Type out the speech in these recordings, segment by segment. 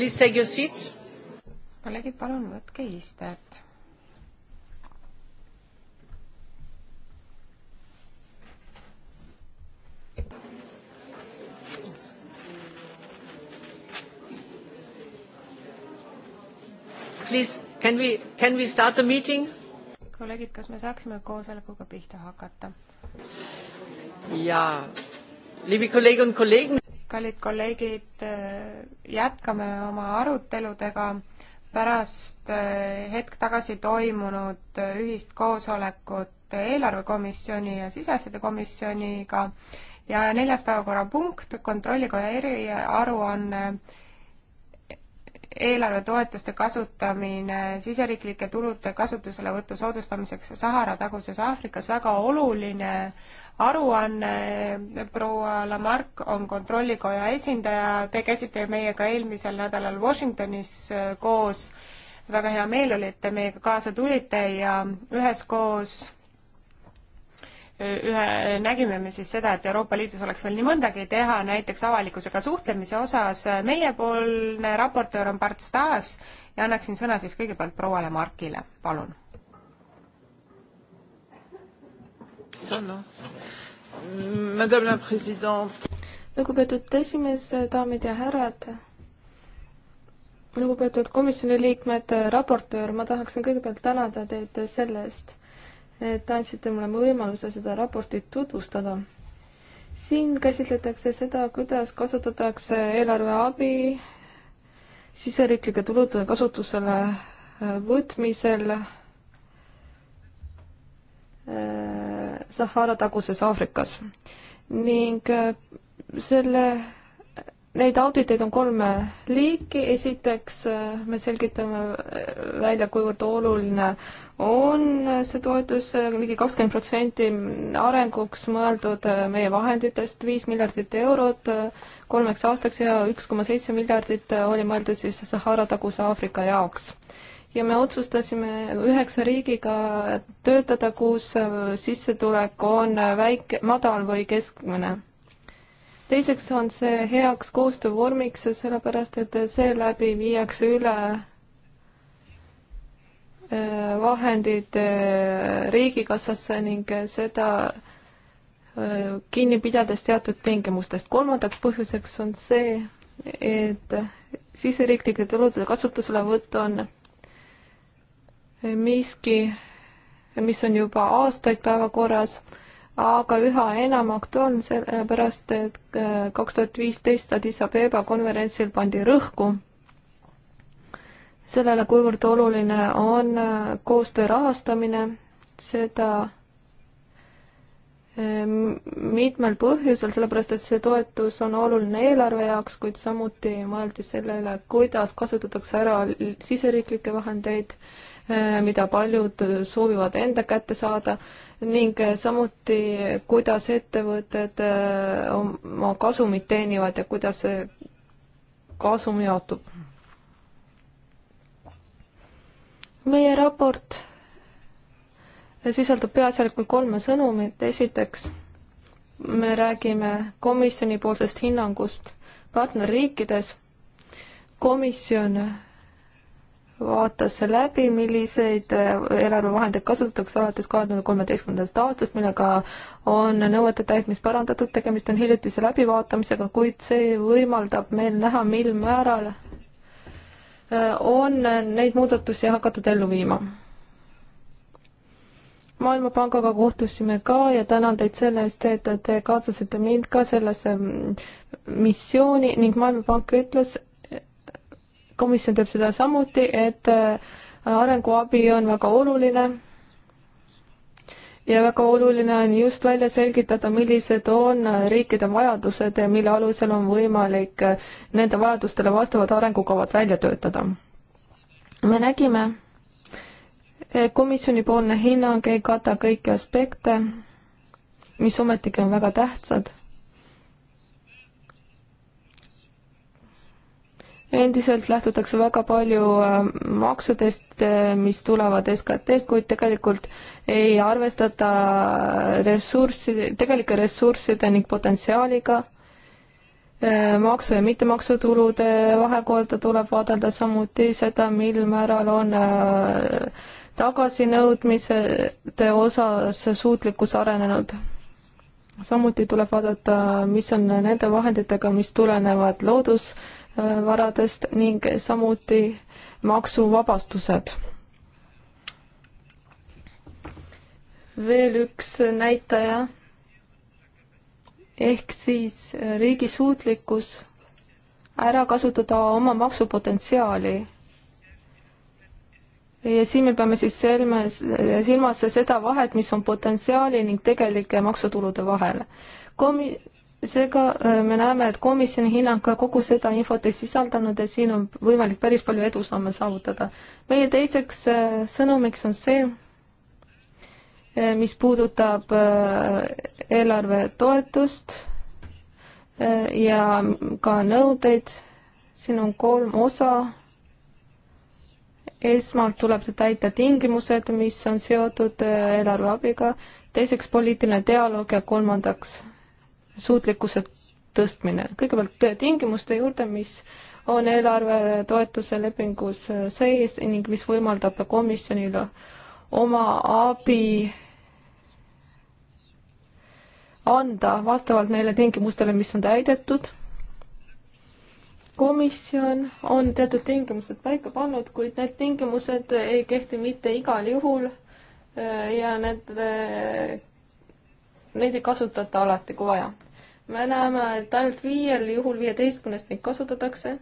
Please take your seats. kolleegid, palun võtke istet. Please, can we, can we start the meeting? kolleegid, kas me saaksime koosolekuga pihta hakata? jaa, liebe kolleegid ja kolleegid kallid kolleegid, äh, jätkame oma aruteludega pärast äh, hetk tagasi toimunud äh, ühist koosolekut eelarvekomisjoni ja siseasjade komisjoniga ja neljas päevakorrapunkt, kontrollikoja eriaruanne eelarvetoetuste kasutamine siseriiklike tulude kasutuselevõtu soodustamiseks Sahara taguses Aafrikas, väga oluline aruanne, proua Lamarck on Kontrollikoja esindaja, te käisite meiega eelmisel nädalal Washingtonis äh, koos, väga hea meel oli, et te meiega kaasa tulite ja üheskoos äh, ühe, nägime me siis seda, et Euroopa Liidus oleks veel nii mõndagi teha, näiteks avalikkusega suhtlemise osas. meiepoolne raportöör on Bart Stas ja annaksin sõna siis kõigepealt proua Lamarckile, palun lugupeetud esimees, daamid ja härrad, lugupeetud komisjoni liikmed, raportöör, ma tahaksin kõigepealt tänada teid selle eest, et andsite mulle võimaluse seda raportit tutvustada. siin käsitletakse seda, kuidas kasutatakse eelarve abi siseriiklike tulude kasutusele võtmisel äh, Sahara taguses Aafrikas ning äh, selle, neid auditeid on kolme liiki, esiteks äh, me selgitame äh, välja, kuivõrd oluline on see toetus ligi, ligi kakskümmend protsenti arenguks mõeldud meie vahenditest, viis miljardit eurot kolmeks aastaks ja üks koma seitse miljardit oli mõeldud siis Sahara taguse Aafrika jaoks ja me otsustasime üheksa riigiga töötada, kus sissetulek on väike, madal või keskmine. teiseks on see heaks koostöövormiks, sellepärast et seeläbi viiakse üle äh, vahendid äh, riigikassasse ning seda äh, kinni pidades teatud tingimustest. kolmandaks põhjuseks on see, et siseriiklike tulude kasutuselevõtt on miski, mis on juba aastaid päevakorras, aga üha enam aktuaalne, sellepärast et äh, kaks tuhat viisteist Addis Abeba konverentsil pandi rõhku sellele, kuivõrd oluline on äh, koostöö rahastamine, seda ähm, mitmel põhjusel, sellepärast et see toetus on oluline eelarve jaoks, kuid samuti mõeldi selle üle, kuidas kasutatakse ära siseriiklikke vahendeid Äh, mida paljud soovivad enda kätte saada ning äh, samuti, kuidas ettevõtted äh, oma kasumit teenivad ja kuidas see kasum jaotub. meie raport sisaldab peaasjalikult kolme sõnumit, esiteks me räägime komisjonipoolsest hinnangust partnerriikides, komisjon vaatas läbi, milliseid äh, eelarvevahendeid kasutatakse alates kahe tuhande kolmeteistkümnendast aastast, millega on nõuete täitmist parandatud, tegemist on hiljutise läbivaatamisega, kuid see võimaldab meil näha, mil määral äh, on neid muudatusi hakatud ellu viima. maailmapangaga kohtusime ka ja tänan teid selle eest, et te kaasasite mind ka sellesse mm, missiooni ning Maailmapank ütles, komisjon teeb seda samuti, et äh, arenguabi on väga oluline ja väga oluline on just välja selgitada, millised on äh, riikide vajadused ja mille alusel on võimalik äh, nende vajadustele vastavad arengukavad välja töötada. me nägime, komisjonipoolne hinnang ei kata kõiki aspekte, mis ometigi on väga tähtsad. endiselt lähtutakse väga palju äh, maksudest, äh, mis tulevad SKT-st, kuid tegelikult ei arvestata ressurssi, tegelike ressursside ning potentsiaaliga. Äh, maksu ja mittemaksutulude vahekorda tuleb vaadelda samuti seda, mil määral on tagasinõudmisede osas suutlikkus arenenud samuti tuleb vaadata, mis on nende vahenditega, mis tulenevad loodus- varadest ning samuti maksuvabastused. veel üks näitaja ehk siis riigi suutlikkus ära kasutada oma maksupotentsiaali ja siin me peame siis silmas, silmas seda vahet, mis on potentsiaali ning tegelike maksutulude vahel. Komi-, seega äh, me näeme, et komisjoni hinnang ka kogu seda infot ei sisaldanud ja siin on võimalik päris palju edusamme saavutada. meie teiseks äh, sõnumiks on see, äh, mis puudutab eelarve toetust ja ka nõudeid. siin on kolm osa. esmalt tuleb täita tingimused, mis on seotud eelarve abiga, teiseks poliitiline dialoog ja kolmandaks suutlikkuse tõstmine. kõigepealt tingimuste juurde, mis on eelarve toetuse lepingus sees ning mis võimaldab komisjonil oma abi anda vastavalt neile tingimustele, mis on täidetud. komisjon on teatud tingimused paika pannud, kuid need tingimused ei kehti mitte igal juhul äh, ja need, äh, neid ei kasutata alati, kui vaja me näeme, et ainult viiel juhul viieteistkümnest neid kasutatakse.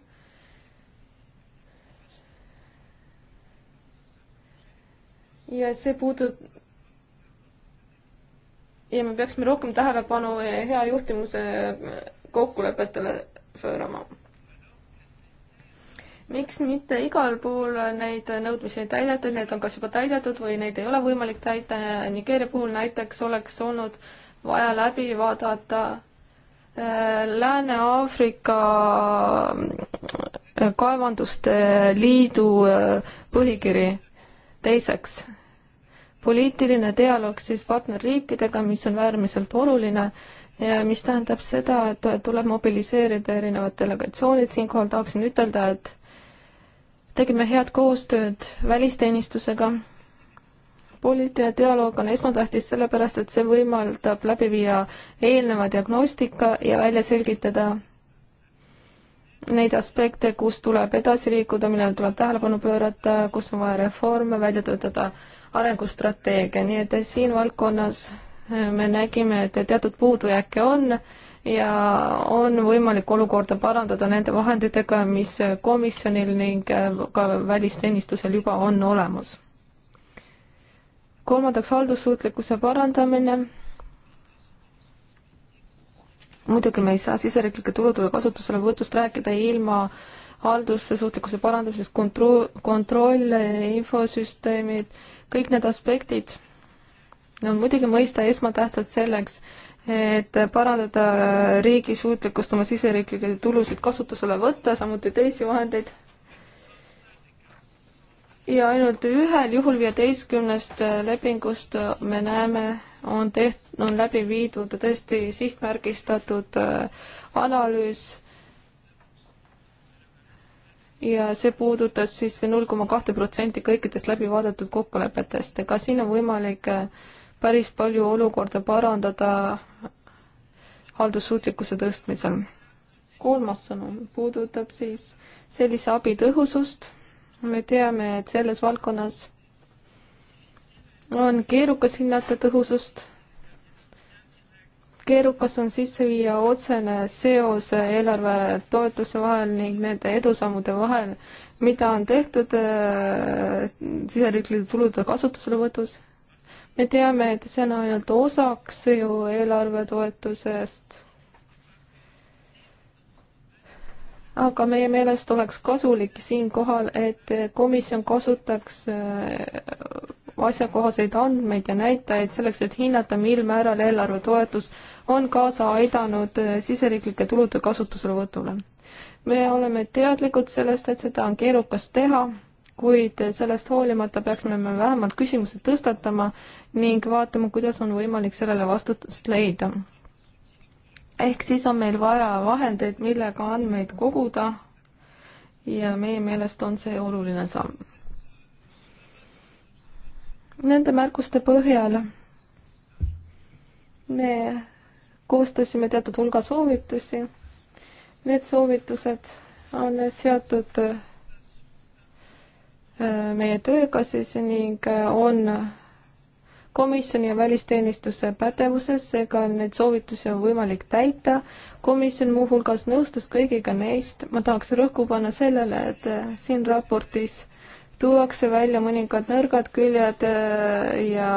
ja see puudut- ja me peaksime rohkem tähelepanu hea juhtimuse kokkulepetele pöörama. miks mitte igal pool neid nõudmisi ei täidetud, need on kas juba täidetud või neid ei ole võimalik täita, Nigeeria puhul näiteks oleks olnud vaja läbi vaadata Lääne-Aafrika äh, Kaevanduste Liidu äh, põhikiri. teiseks, poliitiline dialoog siis partnerriikidega, mis on äärmiselt oluline ja mis tähendab seda, et tuleb mobiliseerida erinevad delegatsioonid, siinkohal tahaksin ütelda, et tegime head koostööd välisteenistusega poliitiline dialoog on esmatähtis sellepärast, et see võimaldab läbi viia eelneva diagnostika ja välja selgitada neid aspekte, kus tuleb edasi liikuda, millele tuleb tähelepanu pöörata, kus on vaja reforme välja töötada, arengustrateegia, nii et siin valdkonnas eh, me nägime, et teatud puudujääke on ja on võimalik olukorda parandada nende vahenditega, mis komisjonil ning eh, ka välisteenistusel juba on olemas kolmandaks haldussuutlikkuse parandamine. muidugi me ei saa siseriiklike tulude kasutuselevõtust rääkida ilma haldusse suutlikkuse parandamisest, kontroll, kontroll, infosüsteemid, kõik need aspektid no muidugi mõista esmatähtsad selleks, et parandada riigi suutlikkust oma siseriiklikke tulusid kasutusele võtta, samuti teisi vahendeid ja ainult ühel juhul viieteistkümnest äh, lepingust äh, me näeme, on teht-, on läbi viidud tõesti sihtmärgistatud äh, analüüs ja see puudutas siis null koma kahte protsenti kõikidest läbi vaadatud kokkulepetest, ega siin on võimalik päris palju olukorda parandada haldussuutlikkuse tõstmisel. kolmas sõnum puudutab siis sellise abi tõhusust me teame, et selles valdkonnas on keerukas hinnata tõhusust. keerukas on sisse viia otsene seos eelarve toetuse vahel ning nende edusammude vahel, mida on tehtud äh, siseriiklike tulude kasutuselevõtus. me teame, et see on ainult osaks ju eelarve toetusest aga meie meelest oleks kasulik siinkohal, et komisjon kasutaks äh, asjakohaseid andmeid ja näitajaid selleks, et hinnata, mil määral eelarvetoetus on kaasa aidanud äh, siseriiklike tulude kasutuselevõtule. me oleme teadlikud sellest, et seda on keerukas teha, kuid sellest hoolimata peaksime me vähemalt küsimused tõstatama ning vaatama, kuidas on võimalik sellele vastutust leida ehk siis on meil vaja vahendeid, millega andmeid koguda ja meie meelest on see oluline samm. Nende märkuste põhjal me koostasime teatud hulga soovitusi. Need soovitused on seotud äh, meie tööga siis ning äh, on komisjoni ja välisteenistuse pädevuses, seega neid soovitusi on võimalik täita. komisjon muuhulgas nõustus kõigiga neist, ma tahaks rõhku panna sellele, et äh, siin raportis tuuakse välja mõningad nõrgad küljed äh, ja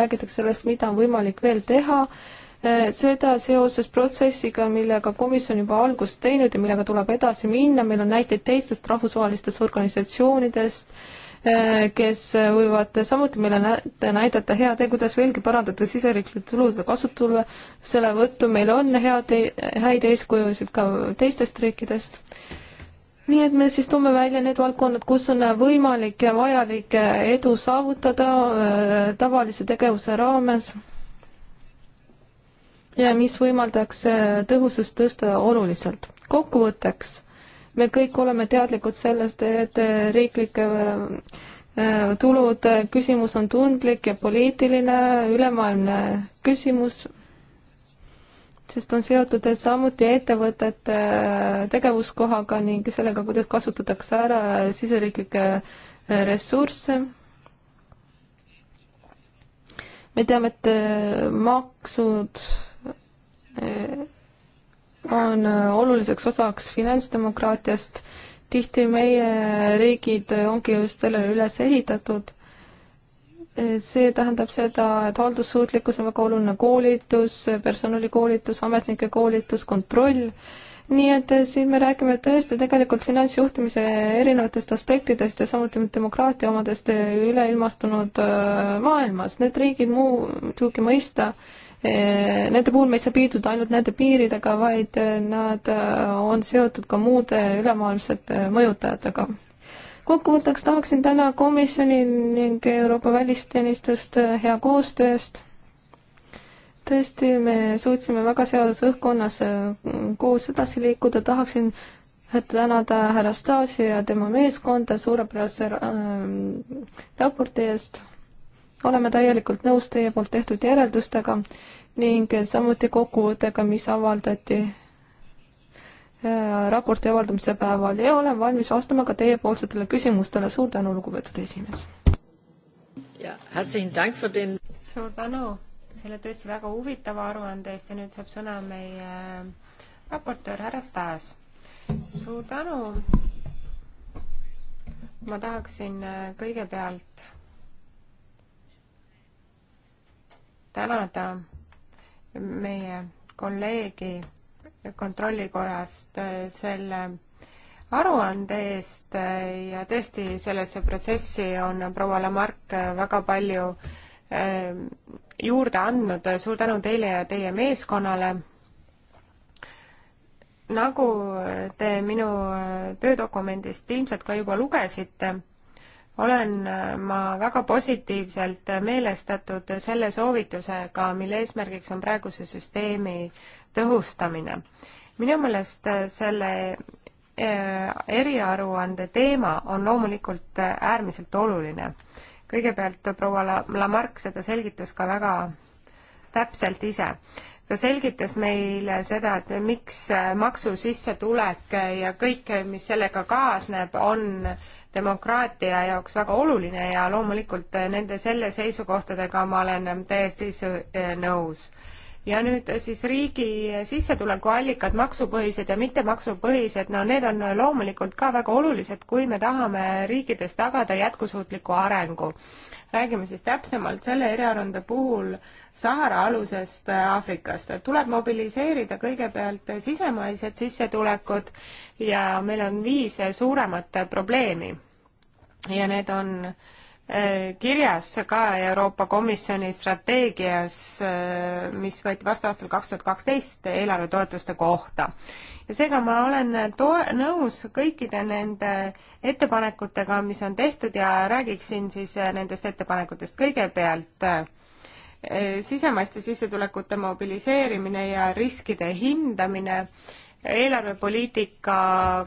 räägitakse sellest, mida on võimalik veel teha, äh, seda seoses protsessiga, millega komisjon juba algust teinud ja millega tuleb edasi minna, meil on näiteid teistest rahvusvahelistest organisatsioonidest, Äh, kes võivad samuti meile näidata hea tee, kuidas veelgi parandada siseriiklikult tulude kasutule. selle võttu meil on head, häid eeskujusid ka teistest riikidest. nii et me siis toome välja need valdkonnad, kus on võimalik ja vajalik edu saavutada äh, tavalise tegevuse raames ja mis võimaldaks äh, tõhusust tõsta oluliselt. kokkuvõtteks me kõik oleme teadlikud sellest, et äh, riiklike äh, äh, tulud, küsimus on tundlik ja poliitiline, ülemaailmne küsimus, sest on seotud et samuti ettevõtete tegevuskohaga ning sellega, kuidas kasutatakse ära siseriiklikke ressursse me teame, et maksud on äh, oluliseks osaks finantsdemokraatiast. tihti meie riigid äh, ongi just sellele üles ehitatud. Äh, see tähendab seda, et haldussuutlikkus on väga oluline, koolitus, personalikoolitus, ametnike koolitus, kontroll, nii et siin me räägime tõesti tegelikult finantsjuhtimise erinevatest aspektidest ja samuti demokraatia omadest üleilmastunud maailmas. Need riigid muidugi mõista äh, Eh, nende puhul me ei saa piirduda ainult nende piiridega, vaid eh, nad eh, on seotud ka muude ülemaailmsete mõjutajatega. kokkuvõtteks tahaksin täna komisjoni ning Euroopa välisteenistust hea koostöö eest tõesti, me suutsime väga seoses õhkkonnas koos edasi liikuda, tahaksin tänada härra Stasi ja tema meeskonda suurepärase äh, raporti eest oleme täielikult nõus teie poolt tehtud järeldustega ning samuti kokkuvõttega, mis avaldati äh, raporti avaldamise päeval ja olen valmis vastama ka teiepoolsetele küsimustele. suur tänu, lugupeetud esimees! suur tänu selle tõesti väga huvitava aruande eest ja nüüd saab sõna meie äh, raportöör härra Stas. suur tänu! ma tahaksin äh, kõigepealt tänada meie kolleegi kontrollikojast äh, selle aruande eest äh, ja tõesti sellesse protsessi on proua Lamarck äh, väga palju ähm, juurde andnud. suur tänu teile ja teie meeskonnale. nagu te minu töödokumendist ilmselt ka juba lugesite olen äh, ma väga positiivselt äh, meelestatud selle soovitusega, mille eesmärgiks on praeguse süsteemi tõhustamine. minu meelest äh, selle eriaruande teema on loomulikult äärmiselt oluline. kõigepealt proua Lamarck seda selgitas ka väga täpselt ise ta selgitas meile seda, et miks maksu sissetulek ja kõik, mis sellega kaasneb, on demokraatia jaoks väga oluline ja loomulikult nende selle seisukohtadega ma olen täiesti nõus ja nüüd äh, siis riigi äh, sissetulekuallikad, maksupõhised ja mittemaksupõhised, no need on äh, loomulikult ka väga olulised, kui me tahame riikides tagada jätkusuutliku arengu. räägime siis täpsemalt selle eriarvamuse puhul Sahara alusest Aafrikast. tuleb mobiliseerida kõigepealt sisemaised sissetulekud ja meil on viis suuremat probleemi. ja need on äh, Äh, kirjas ka Euroopa Komisjoni strateegias, äh, mis võeti vastu aastal kaks tuhat kaksteist eelarvetoetuste kohta. ja seega ma olen to-, nõus kõikide nende ettepanekutega, mis on tehtud ja räägiksin siis äh, nendest ettepanekutest kõigepealt sisemaiste sissetulekute mobiliseerimine ja riskide hindamine eelarvepoliitika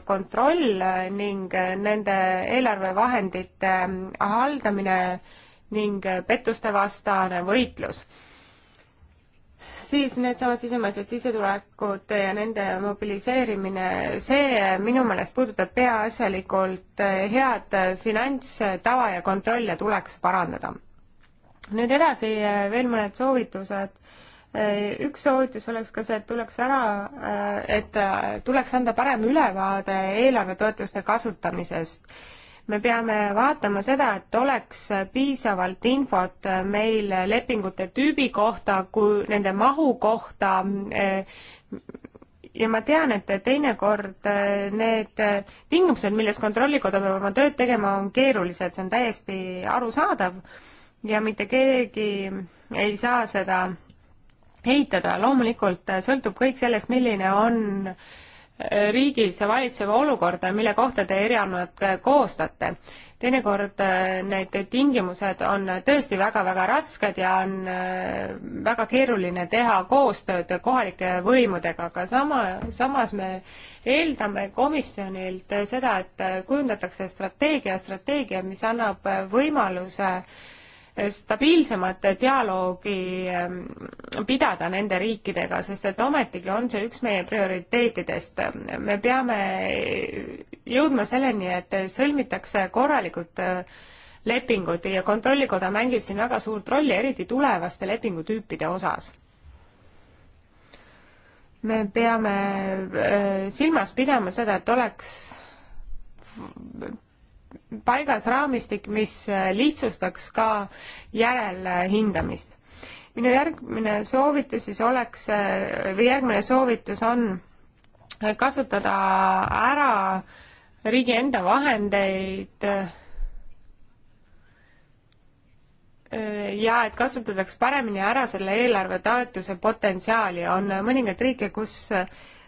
kontroll ning nende eelarvevahendite haldamine ning pettuste vastane võitlus siis needsamad sisemised sissetulekud ja nende mobiliseerimine, see minu meelest puudutab peaasjalikult head finantstava ja kontrolle tuleks parandada. nüüd edasi veel mõned soovitused Äh, üks soovitus oleks ka see, et tuleks ära, äh, et äh, tuleks anda parem ülevaade eelarvetoetuste kasutamisest. me peame vaatama seda, et oleks piisavalt infot meil lepingute tüübi kohta, kui nende mahu kohta. ja ma tean, et teinekord need tingimused, milles Kontrollikoda peab oma tööd tegema, on keerulised, see on täiesti arusaadav ja mitte keegi ei saa seda ehitada, loomulikult äh, sõltub kõik sellest, milline on äh, riigis valitsev olukord, äh, mille kohta te erinevad koostate. teinekord need tingimused on tõesti väga-väga rasked ja on väga keeruline teha koostööd kohalike võimudega, aga sama, samas me eeldame komisjonilt seda, et kujundatakse strateegia, strateegia, mis annab võimaluse äh, stabiilsemat dialoogi ähm, pidada nende riikidega, sest et ometigi on see üks meie prioriteetidest. me peame jõudma selleni, et sõlmitakse korralikud äh, lepingud ja Kontrollikoda mängib siin väga suurt rolli, eriti tulevaste lepingutüüpide osas. me peame äh, silmas pidama seda, et oleks paigas raamistik, mis lihtsustaks ka järelhindamist. minu järgmine soovitus siis oleks või järgmine soovitus on kasutada ära riigi enda vahendeid ja et kasutatakse paremini ära selle eelarve toetuse potentsiaali, on mõningaid riike, kus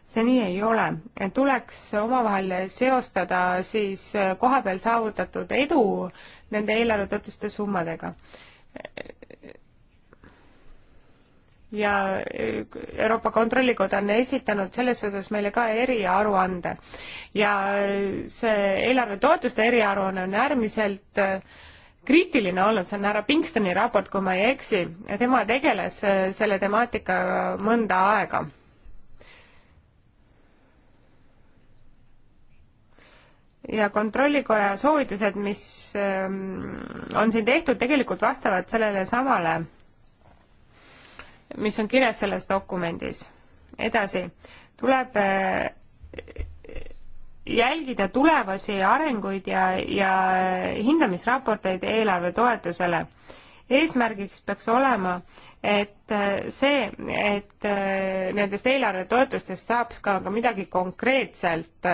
see nii ei ole. tuleks omavahel seostada siis kohapeal saavutatud edu nende eelarvetoetuste summadega. ja Euroopa Kontrollikoda on esitanud selles osas meile ka eriaruande ja see eelarvetoetuste eriaruanne on äärmiselt kriitiline olnud, see on härra Pinkstoni raport, kui ma ei eksi, tema tegeles selle temaatikaga mõnda aega ja Kontrollikoja soovitused, mis ähm, on siin tehtud, tegelikult vastavad sellele samale, mis on kirjas selles dokumendis. edasi, tuleb äh, jälgida tulevasi arenguid ja, ja hindamisraporteid eelarve toetusele. eesmärgiks peaks olema, et äh, see, et äh, nendest eelarvetoetustest saaks ka, ka midagi konkreetselt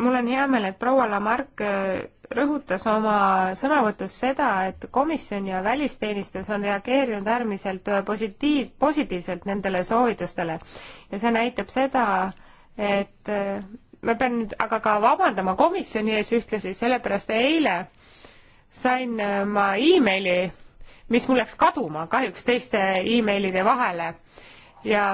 mul on hea meel, et proua Lamarck äh, rõhutas oma sõnavõtus seda, et komisjon ja välisteenistus on reageerinud äärmiselt äh, positiiv, positiivselt nendele soovitustele. ja see näitab seda, et äh, ma pean nüüd aga ka vabandama komisjoni ees ühtlasi, sellepärast eile sain ma emaili, mis mul läks kaduma kahjuks teiste emailide vahele ja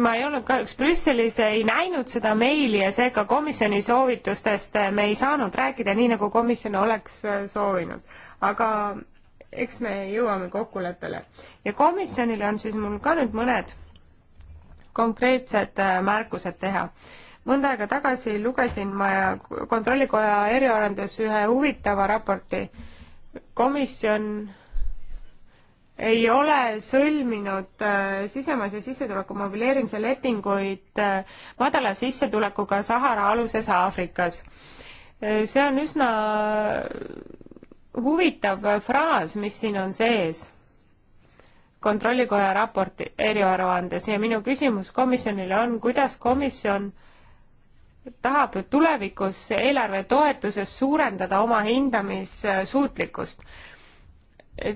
ma ei olnud kahjuks Brüsselis, ei näinud seda meili ja seega komisjoni soovitustest eh, me ei saanud rääkida nii, nagu komisjon oleks eh, soovinud. aga eks me jõuame kokkuleppele. ja komisjonile on siis mul ka nüüd mõned konkreetsed eh, märkused teha. mõnda aega tagasi lugesin ma Kontrollikoja eriarendus ühe huvitava raporti. komisjon ei ole sõlminud äh, sisemas ja sissetuleku mobileerimise lepinguid äh, madala sissetulekuga Sahara aluses Aafrikas. Äh, see on üsna huvitav fraas, mis siin on sees kontrollikoja raporti eriaruandes ja minu küsimus komisjonile on, kuidas komisjon tahab tulevikus eelarve toetuses suurendada oma hindamissuutlikkust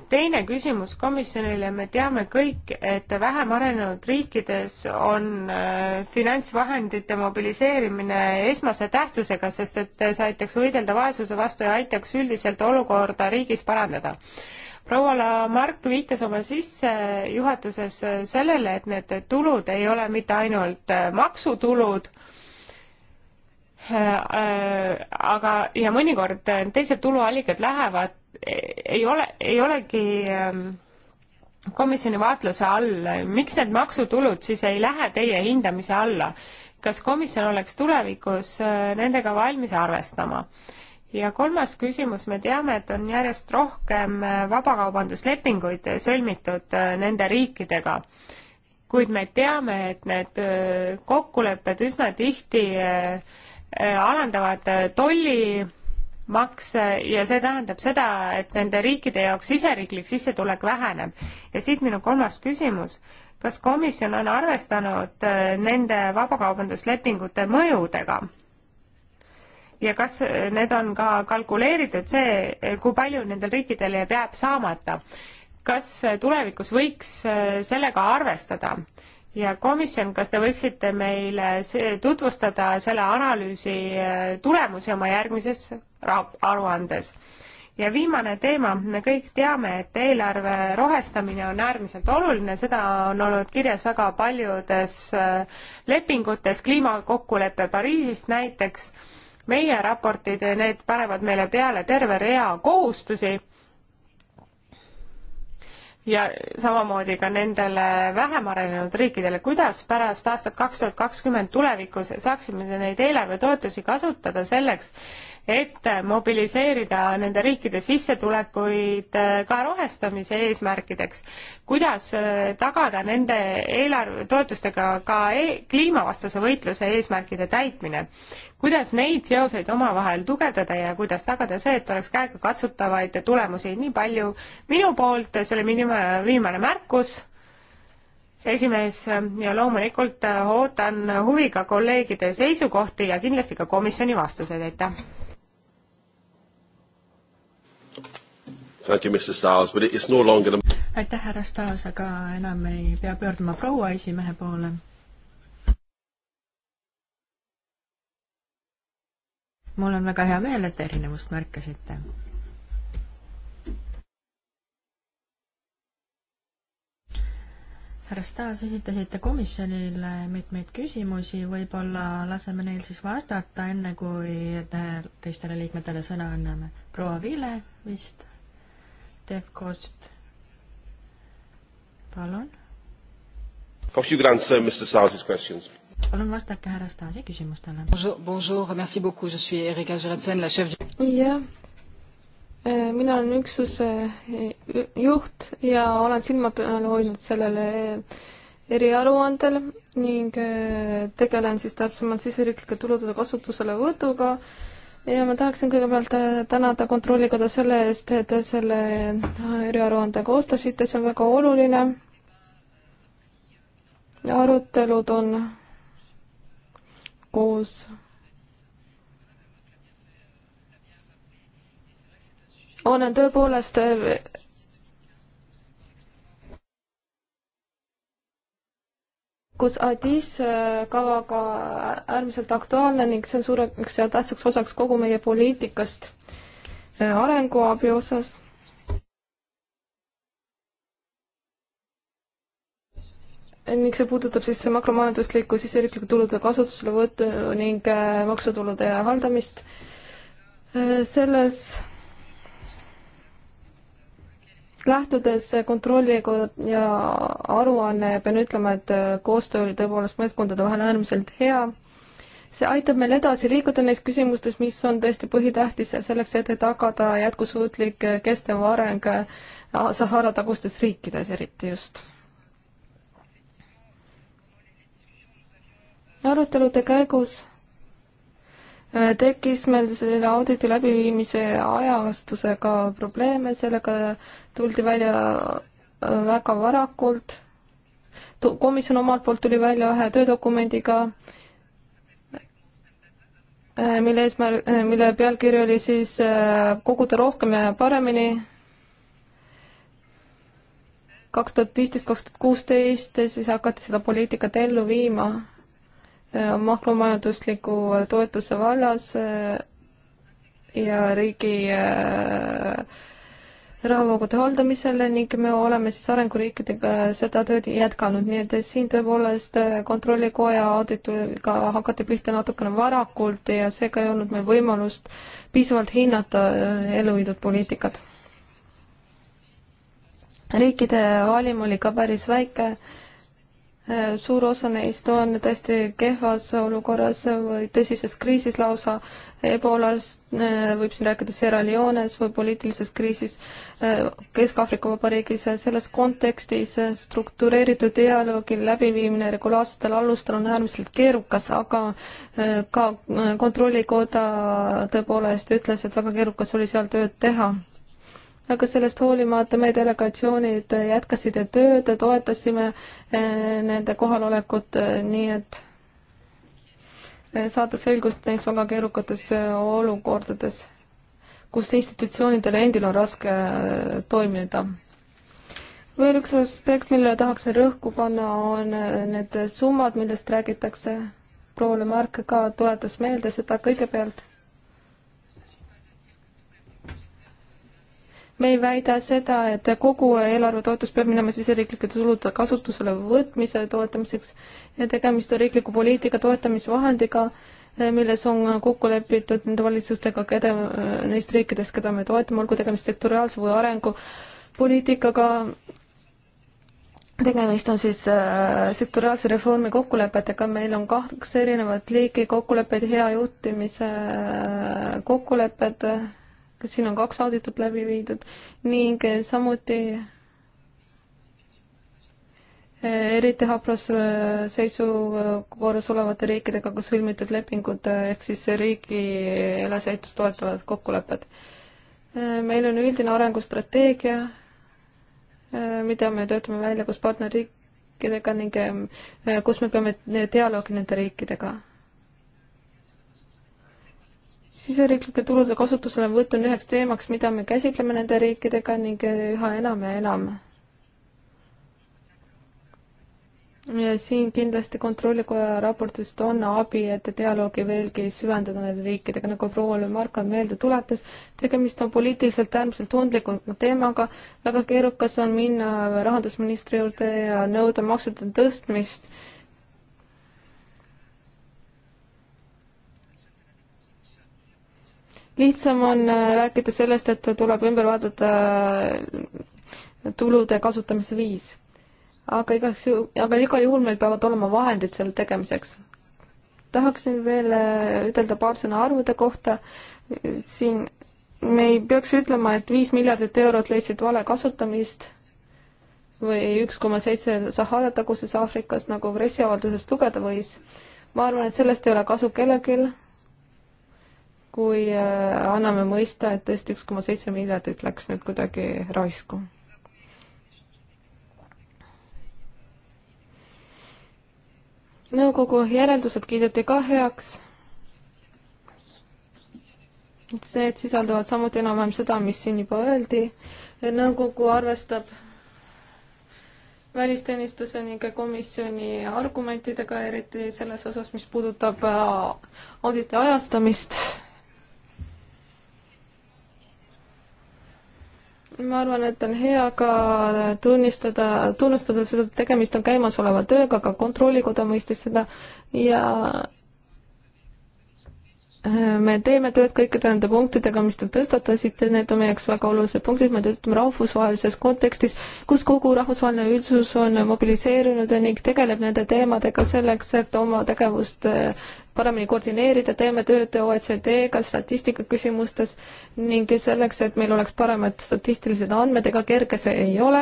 teine küsimus komisjonile, me teame kõik, et vähem arenenud riikides on äh, finantsvahendite mobiliseerimine esmase tähtsusega, sest et see aitaks võidelda vaesuse vastu ja aitaks üldiselt olukorda riigis parandada. proua Lamark viitas oma sissejuhatuses sellele, et need tulud ei ole mitte ainult äh, maksutulud, Äh, äh, aga, ja mõnikord äh, teised tuluallikad lähevad, ei ole, ei olegi ähm, komisjoni vaatluse all, miks need maksutulud siis ei lähe teie hindamise alla? kas komisjon oleks tulevikus nendega valmis arvestama? ja kolmas küsimus, me teame, et on järjest rohkem vabakaubanduslepinguid sõlmitud nende riikidega, kuid me teame, et need kokkulepped üsna tihti äh, Äh, alandavad äh, tollimakse äh, ja see tähendab seda, et nende riikide jaoks siseriiklik sissetulek väheneb. ja siit minu kolmas küsimus. kas komisjon on arvestanud nende vabakaubanduslepingute mõjudega? ja kas need on ka kalkuleeritud, see, kui palju nendel riikidel jääb saamata? kas tulevikus võiks sellega arvestada? ja komisjon, kas te võiksite meile tutvustada selle analüüsi äh, tulemusi oma järgmises aruandes? ja viimane teema, me kõik teame, et eelarve rohestamine on äärmiselt oluline, seda on olnud kirjas väga paljudes äh, lepingutes, kliimakokkulepe Pariisist näiteks, meie raportid, need panevad meile peale terve rea kohustusi ja samamoodi ka nendele vähem arenenud riikidele, kuidas pärast aastat kaks tuhat kakskümmend tulevikus saaksime neid eelarvetoetusi kasutada selleks, ette mobiliseerida nende riikide sissetulekuid äh, ka rohestamise eesmärkideks. kuidas äh, tagada nende eelarve toetustega ka e kliimavastase võitluse eesmärkide täitmine? kuidas neid seoseid omavahel tugevdada ja kuidas tagada see, et oleks käegakatsutavaid tulemusi nii palju minu poolt, see oli minu viimane märkus esimees äh, ja loomulikult ootan huviga kolleegide seisukohti ja kindlasti ka komisjoni vastuseid, aitäh! Thank you, Mr Stiles, but it's no longer the... aitäh, härra Stiles, aga enam ei pea pöörduma proua esimehe poole. mul on väga hea meel, et erinevust märkasite. härra Stas, esitasite komisjonile mitmeid küsimusi, võib-olla laseme neil siis vastata, enne kui teistele liikmetele sõna anname. proua Vile vist Defcost, palun. Perhaps you could answer Mr Stas's questions. palun vastake härra Stasi küsimustele. Bonjour, merci beaucoup, je suis Erika Jeretsen, la chef. jah, äh, mina olen üksuse äh, juht ja olen silma peal hoidnud sellele äh, eriaruandel ning tegelen siis täpsemalt siseriiklike tulude kasutuselevõtuga äh, ja ma tahaksin kõigepealt äh, tänada Kontrollikoda selle eest, et te selle äh, eriaruande koostasite, see on väga oluline. arutelud on koos olen tõepoolest äh, kus Addis äh, kavaga äärmiselt aktuaalne ning see on suureks ja tähtsaks osaks kogu meie poliitikast äh, arenguabi osas. ning see puudutab siis makromajanduslikku siseriiklike tulude kasutuselevõttu ning äh, maksutulude haldamist. selles lähtudes kontrolli ja aruanne, pean ütlema, et koostöö oli tõepoolest meeskondade vahel äärmiselt hea. see aitab meil edasi liikuda neis küsimustes, mis on tõesti põhitähtis selleks, et tagada jätkusuutlik kestev areng Sahara tagustes riikides eriti just. arutelude käigus Äh, tekkis meil selle auditi läbiviimise ajastusega probleeme, sellega tuldi välja äh, väga varakult. komisjon omalt poolt tuli välja ühe töödokumendiga, äh, mille eesmärk, mille pealkiri oli siis koguda rohkem ja paremini. kaks tuhat viisteist, kaks tuhat kuusteist, siis hakati seda poliitikat ellu viima Äh, makromajandusliku äh, toetuse vallas äh, ja riigi rahavoogude haldamisele ning me oleme siis arenguriikidega seda tööd jätkanud, nii et siin tõepoolest kontrollikoja auditiga hakati pihta natukene varakult ja seega ei olnud meil võimalust piisavalt hinnata elluviidud poliitikat. riikide valim oli ka päris väike Äh, suur osa neist on tõesti kehvas olukorras või tõsises kriisis lausa. Ebolast äh, võib siin rääkida Sierra Leones või poliitilises kriisis äh, Kesk-Aafrika Vabariigis. selles kontekstis struktureeritud dialoogi läbiviimine regulaarsetel alustel on äärmiselt keerukas, aga ka kontrollikoda tõepoolest ütles, et väga keerukas oli seal tööd teha aga sellest hoolimata meie delegatsioonid jätkasid tööd, toetasime eh, nende kohalolekut, eh, nii et eh, saada selgust neis väga keerukates olukordades, kus institutsioonidel endil on raske toimida. veel üks aspekt, millele tahaksin rõhku panna, on need summad, millest räägitakse. proua Lemark ka tuletas meelde seda kõigepealt me ei väida seda, et kogu eelarve toetus peab minema siseriiklike tulude kasutusele võtmise toetamiseks ja tegemist on riikliku poliitika toetamisvahendiga, milles on kokku lepitud nende valitsustega, keda, neist riikidest, keda me toetame, olgu tegemist sektoriaalse või arengupoliitikaga, tegemist on siis äh, sektoriaalse reformi kokkulepetega, meil on kaks erinevat liiki kokkulepped, hea juhtimise äh, kokkulepped äh, siin on kaks auditit läbi viidud ning samuti eh, eriti hapras eh, seisukorras olevate riikidega ka sõlmitud lepingud eh, ehk siis riigi ülesehitust toetavad kokkulepped. meil on üldine arengustrateegia, mida me töötame välja koos partnerriikidega ning kus me peame dialoogi nende riikidega siseriiklike tulude kasutuselevõtt on üheks teemaks, mida me käsitleme nende riikidega ning üha enam ja enam. ja siin kindlasti Kontrollikoja raportist on abi, et dialoogi veelgi süvendada nende riikidega, nagu proua Lemark on meelde tuletas, tegemist on poliitiliselt äärmiselt tundliku teemaga, väga keerukas on minna rahandusministri juurde ja nõuda maksude tõstmist lihtsam on äh, rääkida sellest, et tuleb ümber vaadata äh, tulude kasutamise viis. aga igaks ju-, aga igal juhul meil peavad olema vahendid selle tegemiseks. tahaksin veel äh, ütelda paar sõna arvude kohta, siin me ei peaks ütlema, et viis miljardit eurot leidsid vale kasutamist või üks koma seitse Sahara taguses Aafrikas, nagu pressiavaldusest lugeda võis. ma arvan, et sellest ei ole kasu kellelgi kui äh, anname mõista, et tõesti üks koma seitse miljardit läks nüüd kuidagi raisku. nõukogu järeldused kiideti ka heaks. see sisaldavad samuti enam-vähem seda, mis siin juba öeldi. nõukogu arvestab välisteenistuse ning komisjoni argumentidega, eriti selles osas, mis puudutab äh, auditi ajastamist ma arvan, et on hea ka tunnistada, tunnustada seda, et tegemist on käimasoleva tööga, ka Kontrollikoda mõistis seda ja äh, me teeme tööd kõikide nende punktidega, mis te tõstatasite, need on meie jaoks väga olulised punktid, me töötame rahvusvahelises kontekstis, kus kogu rahvusvaheline üldsus on mobiliseerunud ning tegeleb nende teemadega selleks, et oma tegevust äh, paremini koordineerida, teeme tööd OECD-ga statistika küsimustes ning selleks, et meil oleks paremad statistilised andmed, ega kerge see ei ole.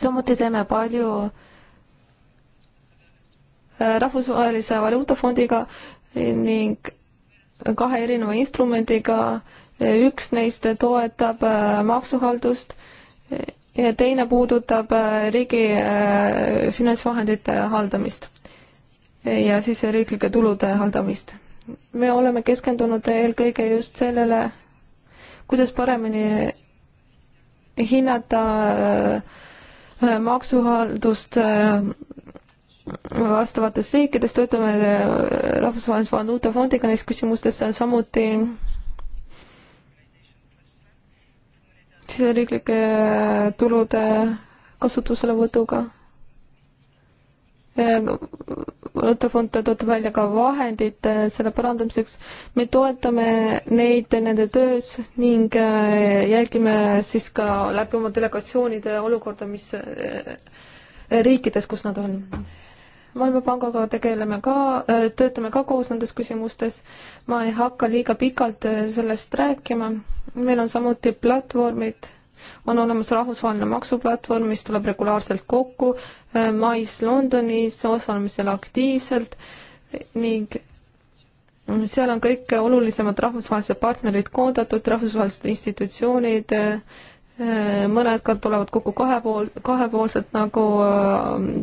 samuti teeme palju äh, rahvusvahelise valuutafondiga ning kahe erineva instrumendiga, üks neist toetab äh, maksuhaldust ja teine puudutab äh, riigi finantsvahendite haldamist ja siseriiklike tulude haldamist. me oleme keskendunud eelkõige just sellele, kuidas paremini hinnata äh, maksuhaldust äh, vastavates riikides, töötame äh, Rahvusvahelise Valuutafondiga neis küsimustes, samuti siseriiklike tulude kasutuselevõtuga Lottefond toob välja ka vahendid äh, selle parandamiseks. me toetame neid nende töös ning äh, jälgime siis ka läbi oma delegatsioonide olukorda, mis äh, riikides, kus nad on. maailmapangaga tegeleme ka, töötame ka koos nendes küsimustes. ma ei hakka liiga pikalt sellest rääkima. meil on samuti platvormid on olemas rahvusvaheline maksuplatvorm, mis tuleb regulaarselt kokku eh, mais Londonis, osaleme seal aktiivselt ning seal on kõik olulisemad rahvusvahelised partnerid koondatud, rahvusvahelised institutsioonid, eh, mõned ka tulevad kokku kahepool, kahepoolselt nagu eh,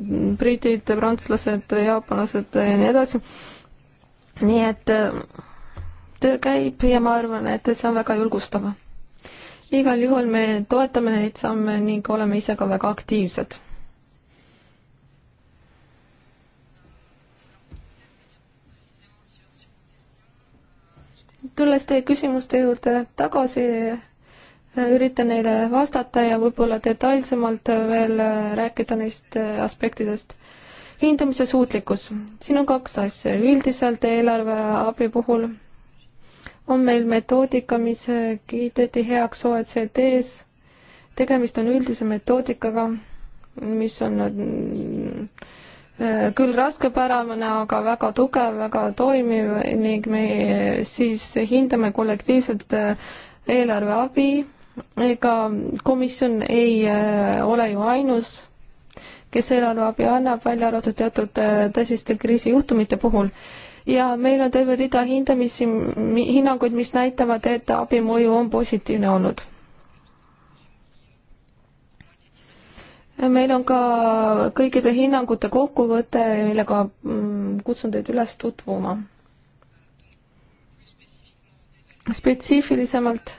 britid, prantslased, jaapanlased ja nii edasi. nii et töö käib ja ma arvan, et see on väga julgustav igal juhul me toetame neid samme ning oleme ise ka väga aktiivsed. tulles teie küsimuste juurde tagasi, üritan neile vastata ja võib-olla detailsemalt veel rääkida neist aspektidest. hindamise suutlikkus, siin on kaks asja, üldiselt eelarve abi puhul on meil metoodika, mis kiideti heaks OECD-s. tegemist on üldise metoodikaga, mis on äh, küll raskepärane, aga väga tugev, väga toimiv ning me siis hindame kollektiivselt äh, eelarve abi. ega komisjon ei äh, ole ju ainus, kes eelarve abi annab, välja arvatud teatud tõsiste kriisijuhtumite puhul ja meil on terve rida hindamisi, hinnanguid, mis näitavad, et abi mõju on positiivne olnud. meil on ka kõikide hinnangute kokkuvõte, millega mm, kutsun teid üles tutvuma. spetsiifilisemalt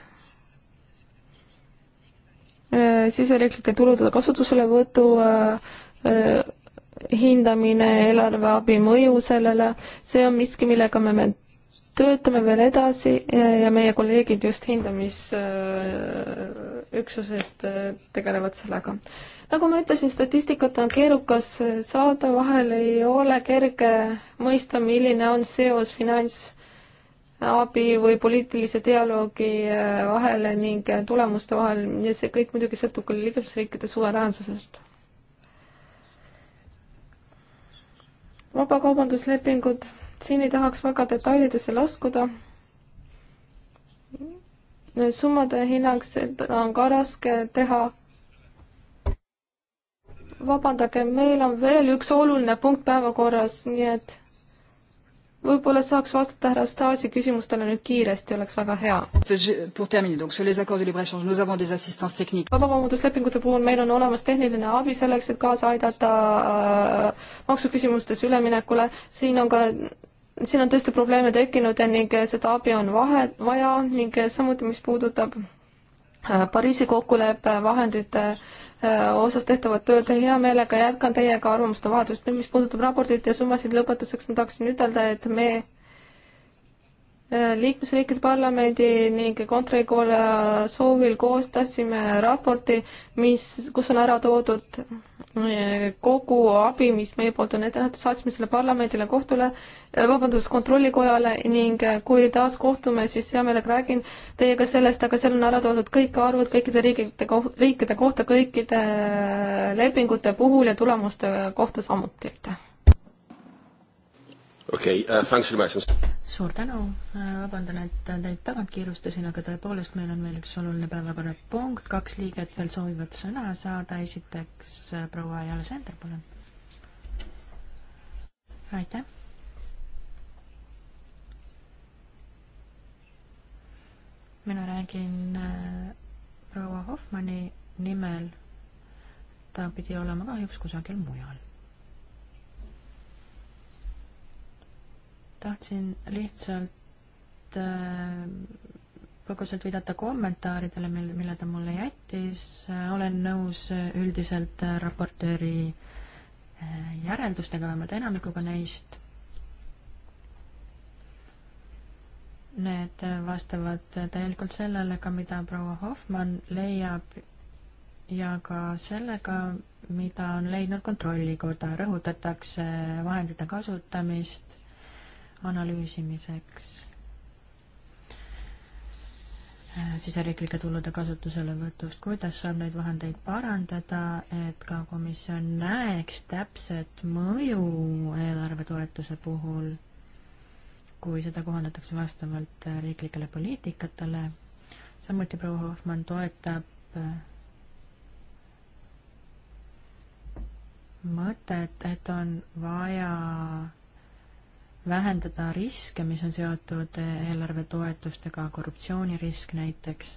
äh, siseriiklike tulude kasutuselevõtu äh, äh, hindamine, eelarveabi mõju sellele, see on miski, millega me, me töötame veel edasi ja meie kolleegid just hindamisüksusest äh, tegelevad sellega. nagu ma ütlesin, statistikat on keerukas äh, saada, vahel ei ole kerge mõista, milline on seos finantsabi või poliitilise dialoogi äh, vahele ning tulemuste vahel ja see kõik muidugi sõltub ka liikmesriikide suveräänsusest vabakaubanduslepingud, siin ei tahaks väga detailidesse laskuda. summade hinnang, seda on ka raske teha. vabandage, meil on veel üks oluline punkt päevakorras, nii et võib-olla saaks vastata härra Stasi küsimustele nüüd kiiresti, oleks väga hea. vabakaubanduslepingute puhul meil on olemas tehniline abi selleks, et kaasa aidata äh, maksuküsimustes üleminekule, siin on ka siin on tõesti probleeme tekkinud ning seda abi on vahe, vaja ning samuti, mis puudutab äh, Pariisi kokkuleppe vahendite äh, osas tehtavat tööd. hea meelega jätkan teiega arvamuste vahetust. nüüd, mis puudutab raportit ja summasid, lõpetuseks ma tahaksin ütelda, et me Äh, liikmesriikide parlamendi ning kontrikoole soovil koostasime raporti, mis, kus on ära toodud äh, kogu abi, mis meie poolt on ette nähtud, saatsime selle parlamendile, kohtule, äh, vabandust, kontrollikojale ning kui taas kohtume, siis hea meelega räägin teiega sellest, aga seal on ära toodud kõik arvud kõikide riikide, riikide kohta, kõikide lepingute puhul ja tulemuste kohta samuti, aitäh okei okay, uh,, äh, thanks very much. suur tänu, äh, vabandan, et teid tagant kiirustasin, aga tõepoolest, meil on veel üks oluline päevakorrapunkt, kaks liiget veel soovivad sõna saada, esiteks äh, proua Jale Sender, palun. aitäh. mina räägin proua Hoffmanni nimel, ta pidi olema kahjuks kusagil mujal tahtsin lihtsalt äh, põgusalt viidata kommentaaridele, mil, mille ta mulle jättis. olen nõus äh, üldiselt äh, raportööri äh, järeldustega, vähemalt enamikuga neist. Need vastavad täielikult sellele ka, mida proua Hoffmann leiab ja ka sellega, mida on leidnud Kontrollikoda, rõhutatakse vahendite kasutamist analüüsimiseks äh, siseriiklike tulude kasutuselevõtust, kuidas saab neid vahendeid parandada, et ka komisjon näeks täpset mõju eelarvetoetuse puhul, kui seda kohandatakse vastavalt äh, riiklikele poliitikatele. samuti proua Hoffmann toetab äh, mõtet, et on vaja vähendada riske, mis on seotud eelarvetoetustega, korruptsioonirisk näiteks.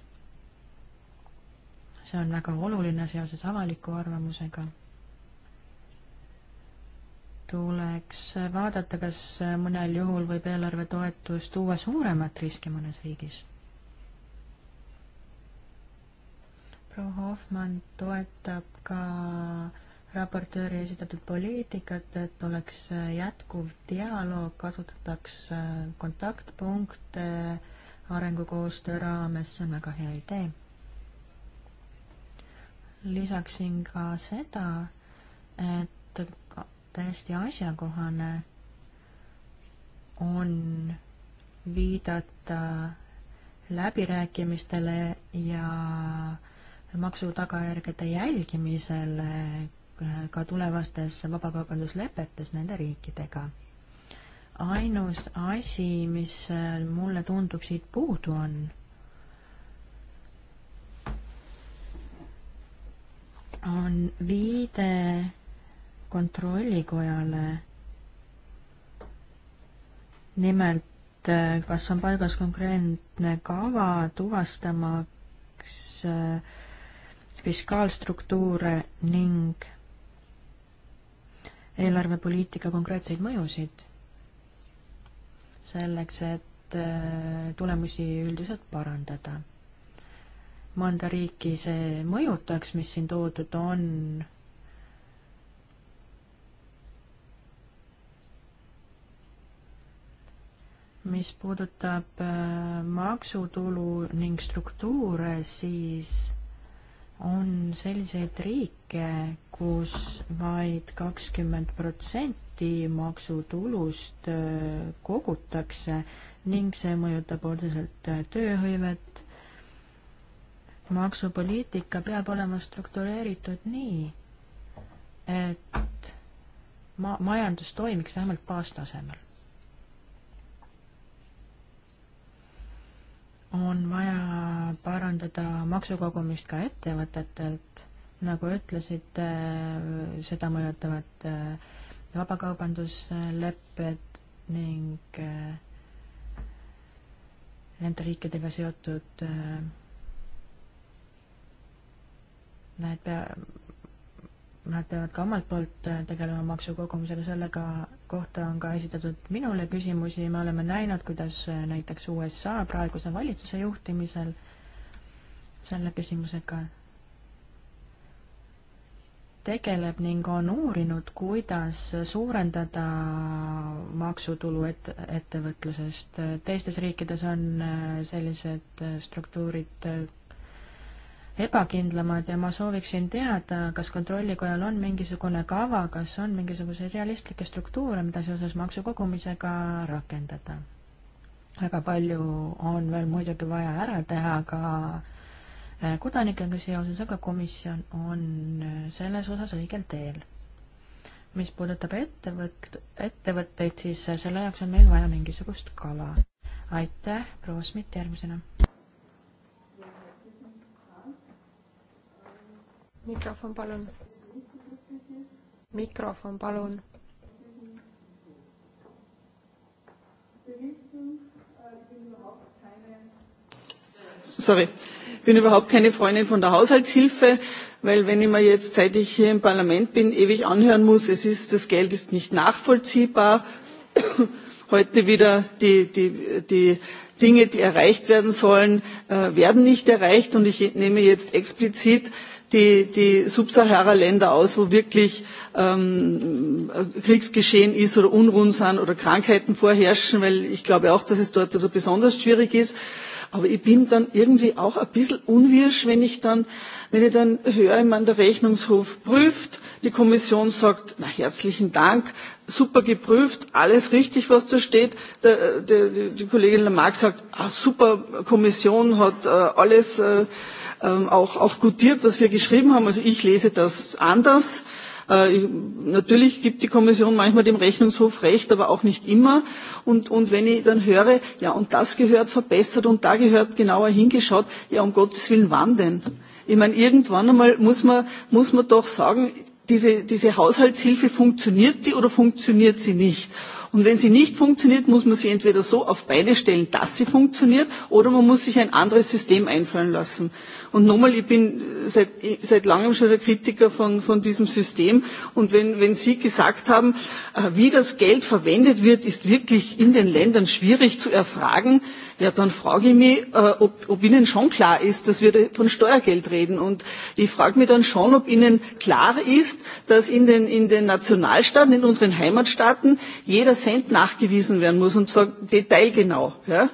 see on väga oluline seoses avaliku arvamusega. tuleks vaadata, kas mõnel juhul võib eelarvetoetus tuua suuremat riski mõnes riigis. proua Hoffmann toetab ka raportööri esitatud poliitikat, et oleks äh, jätkuv dialoog, kasutataks äh, kontaktpunkte äh, arengukoostöö raames, see on väga hea idee. lisaksin ka seda, et täiesti asjakohane on viidata läbirääkimistele ja maksu tagajärgede jälgimisele ka tulevastes vabakaubanduslepetes nende riikidega. ainus asi, mis äh, mulle tundub siit puudu on, on viide kontrollikojale. nimelt, äh, kas on paigas konkreetne kava tuvastamaks äh, fiskaalstruktuure ning eelarvepoliitika konkreetseid mõjusid, selleks et äh, tulemusi üldiselt parandada. mõnda riiki see mõjutaks, mis siin toodud on, mis puudutab äh, maksutulu ning struktuure, siis on selliseid riike, kus vaid kakskümmend protsenti maksutulust äh, kogutakse ning see mõjutab otseselt äh, tööhõivet. maksupoliitika peab olema struktureeritud nii, et ma-, majandus toimiks vähemalt baastasemel on vaja parandada maksukogumist ka ettevõtetelt, nagu ütlesite, seda mõjutavad äh, vabakaubanduslepped ning äh, nende riikidega seotud äh, Nad pea-, nad peavad ka omalt poolt tegelema maksukogumisega, sellega kohta on ka esitatud minule küsimusi, me oleme näinud, kuidas näiteks USA praeguse valitsuse juhtimisel selle küsimusega tegeleb ning on uurinud, kuidas suurendada maksutulu et-, ettevõtlusest. teistes riikides on äh, sellised äh, struktuurid äh, ebakindlamad ja ma sooviksin teada, kas Kontrollikojal on mingisugune kava, kas on mingisuguseid realistlikke struktuure, mida seoses maksukogumisega rakendada? väga palju on veel muidugi vaja ära teha ka eh, kodanikega seoses, aga komisjon on eh, selles osas õigel teel. mis puudutab ettevõt-, ettevõtteid, siis eh, selle jaoks on meil vaja mingisugust kava. aitäh, proua Schmidt järgmisena mikrofon palun. mikrofon palun. Sorry, bin überhaupt keine Freundin von der Haushaltshilfe, weil wenn ich mir jetzt, seit ich hier im Parlament bin, ewig anhören muss, es ist, das Geld ist nicht nachvollziehbar. Heute wieder die, die, die Dinge, die erreicht werden sollen, äh, werden nicht erreicht. Und ich nehme jetzt explizit äh, die, die Subsahara-Länder aus, wo wirklich ähm, Kriegsgeschehen ist oder Unruhen sind oder Krankheiten vorherrschen, weil ich glaube auch, dass es dort also besonders schwierig ist. Aber ich bin dann irgendwie auch ein bisschen unwirsch, wenn ich dann, wenn ich dann höre, man der Rechnungshof prüft, die Kommission sagt, na herzlichen Dank, super geprüft, alles richtig, was da steht. Der, der, die Kollegin Lamarck sagt, ah, super Kommission hat äh, alles äh, ähm, auch, auch gutiert, was wir geschrieben haben. Also ich lese das anders. Äh, natürlich gibt die Kommission manchmal dem Rechnungshof recht, aber auch nicht immer. Und, und wenn ich dann höre, ja, und das gehört verbessert und da gehört genauer hingeschaut, ja, um Gottes Willen, wann denn? Ich meine, irgendwann einmal muss man, muss man doch sagen, diese, diese Haushaltshilfe funktioniert die oder funktioniert sie nicht? Und wenn sie nicht funktioniert, muss man sie entweder so auf Beine stellen, dass sie funktioniert, oder man muss sich ein anderes System einfallen lassen. Und nochmal, ich bin äh, seit, seit langem schon der Kritiker von, von diesem System. Und wenn, wenn Sie gesagt haben, äh, wie das Geld verwendet wird, ist wirklich in den Ländern schwierig zu erfragen, ja, dann frage ich mich, äh, ob, ob Ihnen schon klar ist, dass wir von Steuergeld reden. Und ich frage mich dann schon, ob Ihnen klar ist, dass in den, in den Nationalstaaten, in unseren Heimatstaaten jeder Cent nachgewiesen werden muss, und zwar detailgenau. Ja?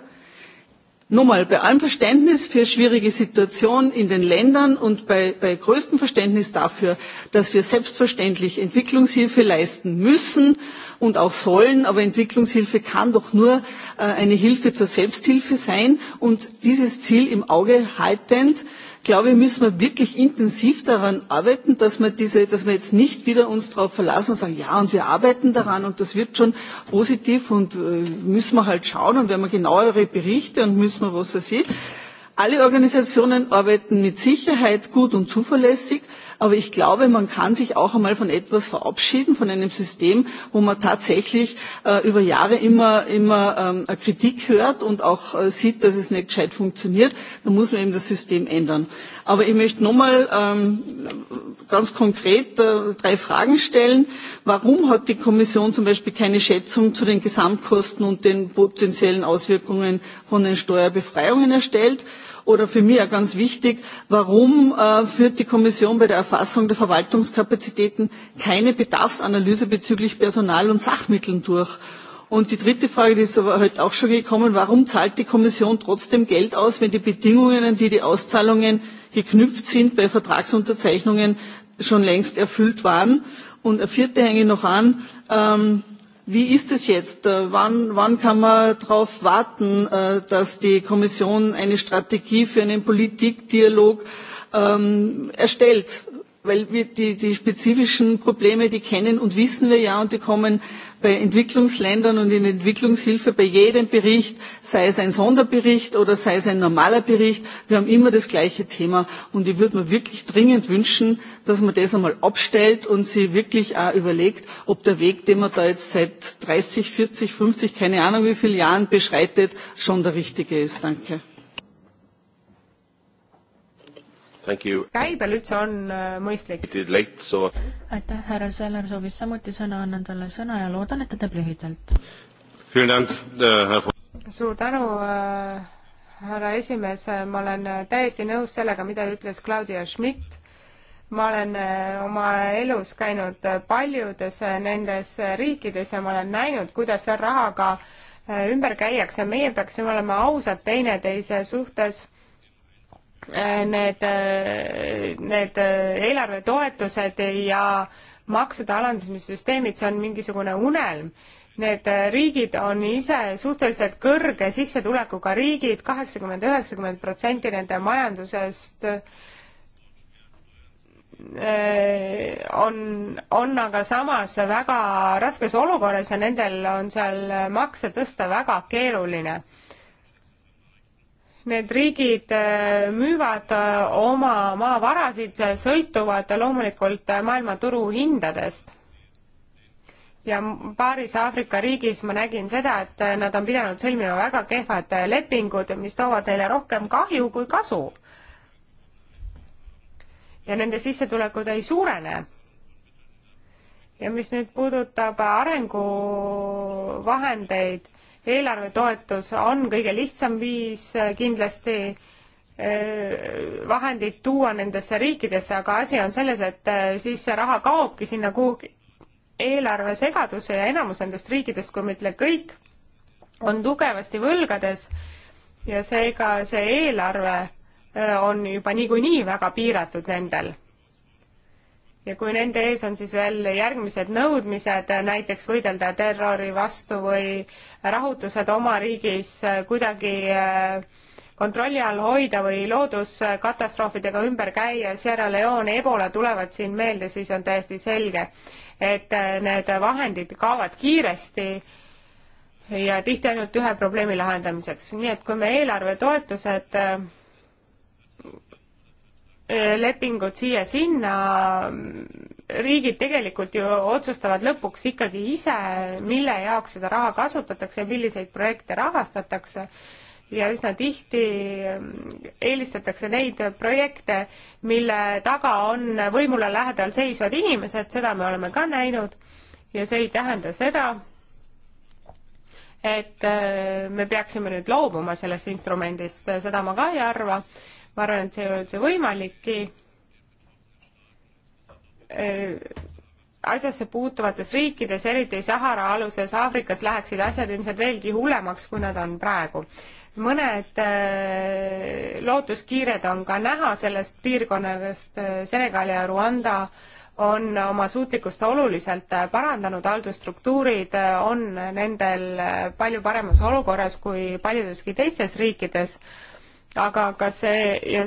Nochmal, bei allem Verständnis für schwierige Situationen in den Ländern und bei, bei größtem Verständnis dafür, dass wir selbstverständlich Entwicklungshilfe leisten müssen und auch sollen, aber Entwicklungshilfe kann doch nur äh, eine Hilfe zur Selbsthilfe sein und dieses Ziel im Auge haltend äh, glaube ich, müssen wir wirklich intensiv daran arbeiten, dass wir, diese, dass wir jetzt nicht wieder uns darauf verlassen und sagen, ja, und wir arbeiten daran und das wird schon positiv und äh, müssen wir halt schauen und wenn wir genauere Berichte und müssen wir was weiß ich. Alle Organisationen arbeiten mit Sicherheit gut und zuverlässig. Aber ich glaube, man kann sich auch einmal von etwas verabschieden, von einem System, wo man tatsächlich äh, über Jahre immer, immer ähm, Kritik hört und auch äh, sieht, dass es nicht gescheit funktioniert. Dann muss man eben das System ändern. Aber ich möchte nochmal ähm, ganz konkret äh, drei Fragen stellen. Warum hat die Kommission zum Beispiel keine Schätzung zu den Gesamtkosten und den potenziellen Auswirkungen von den Steuerbefreiungen erstellt? oder für mich auch ganz wichtig, warum äh, führt die Kommission bei der Erfassung der Verwaltungskapazitäten keine Bedarfsanalyse bezüglich Personal und Sachmitteln durch? Und die dritte Frage, die ist aber heute auch schon gekommen, warum zahlt die Kommission trotzdem Geld aus, wenn die Bedingungen, an die die Auszahlungen geknüpft sind, bei Vertragsunterzeichnungen schon längst erfüllt waren? Und eine vierte hänge noch an, ähm, Wie ist es jetzt? Äh, wann, wann kann man darauf warten, äh, dass die Kommission eine Strategie für einen Politikdialog ähm, erstellt? Weil wir die, die spezifischen Probleme, die kennen und wissen wir ja und die kommen bei Entwicklungsländern und in Entwicklungshilfe bei jedem Bericht, sei es ein Sonderbericht oder sei es ein normaler Bericht, wir haben immer das gleiche Thema. Und ich würde mir wirklich dringend wünschen, dass man das einmal abstellt und sich wirklich auch überlegt, ob der Weg, den man da jetzt seit 30, 40, 50, keine Ahnung wie vielen Jahren beschreitet, schon der richtige ist. Danke. käibel üldse on äh, mõistlik. aitäh, härra Seller soovis samuti sõna, annan talle sõna ja loodan, et ta teeb lühidalt. Äh, suur tänu äh,, härra esimees, ma olen äh, täiesti nõus sellega, mida ütles Claudia Schmidt ma olen oma elus käinud paljudes nendes riikides ja ma olen näinud, kuidas seal rahaga ümber käiakse, meie peaksime olema ausad teineteise suhtes Äh, need, äh, need äh, eelarvetoetused ja maksude alandamissüsteemid, see on mingisugune unelm. Need riigid on ise suhteliselt kõrge sissetulekuga riigid, kaheksakümmend, üheksakümmend protsenti nende majandusest on, on aga samas väga raskes olukorras ja nendel on seal makse tõsta väga keeruline need riigid äh, müüvad äh, oma maavarasid, äh, sõltuvad loomulikult maailmaturu hindadest. ja paaris Aafrika riigis ma nägin seda, et nad on pidanud sõlmima väga kehvad lepingud, mis toovad neile rohkem kahju kui kasu. ja nende sissetulekud ei suurene ja mis nüüd puudutab arenguvahendeid eelarvetoetus on kõige lihtsam viis äh, kindlasti äh, vahendid tuua nendesse riikidesse, aga asi on selles, et äh, siis see raha kaobki sinna kuhugi eelarve segadusse ja enamus nendest riikidest, kui mitte kõik, on tugevasti võlgades ja seega see eelarve on juba niikuinii väga piiratud nendel ja kui nende ees on siis veel järgmised nõudmised, näiteks võidelda terrori vastu või rahutused oma riigis äh, kuidagi äh, kontrolli all hoida või looduskatastroofidega ümber käia, Sierra Leone, Ebola tulevad siin meelde, siis on täiesti selge, et äh, need vahendid kaovad kiiresti ja tihti ainult ühe probleemi lahendamiseks, nii et kui me eelarvetoetused et Eh, lepingud siia-sinna, riigid tegelikult ju otsustavad lõpuks ikkagi ise, mille jaoks seda raha kasutatakse ja milliseid projekte rahastatakse ja üsna tihti mm, eelistatakse neid projekte, mille taga on võimule lähedal seisvad inimesed, seda me oleme ka näinud ja see ei tähenda seda, et eh, me peaksime nüüd loobuma sellest instrumendist, seda ma ka ei arva ma arvan, et see ei ole üldse võimalikki. asjasse puutuvates riikides, eriti Sahara aluses Aafrikas, läheksid asjad ilmselt veelgi hullemaks, kui nad on praegu. mõned äh, lootuskiired on ka näha sellest piirkonnast, äh, Senegal ja Rwanda on oma suutlikkust oluliselt äh, parandanud, haldusstruktuurid on nendel palju paremas olukorras kui paljudeski teistes riikides aga ka see ja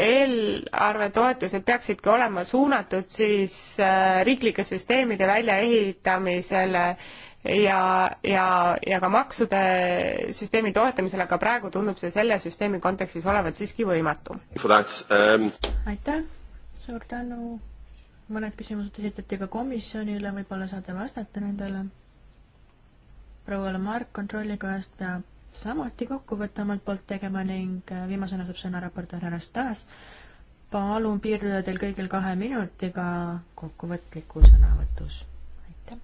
eelarvetoetused peaksidki olema suunatud siis äh, riiklike süsteemide väljaehitamisele ja, ja, ja ka maksude süsteemi toetamisele, aga praegu tundub see selle süsteemi kontekstis olevat siiski võimatu. Um... aitäh, suur tänu. mõned küsimused esitati ka komisjonile, võib-olla saate vastata nendele. proua Lamark kontrollikojast peab samuti kokkuvõtte omalt poolt tegema ning äh, viimasena saab sõna raportöör härra Stas. palun piirduda teil kõigil kahe minutiga kokkuvõtliku sõnavõtus. aitäh.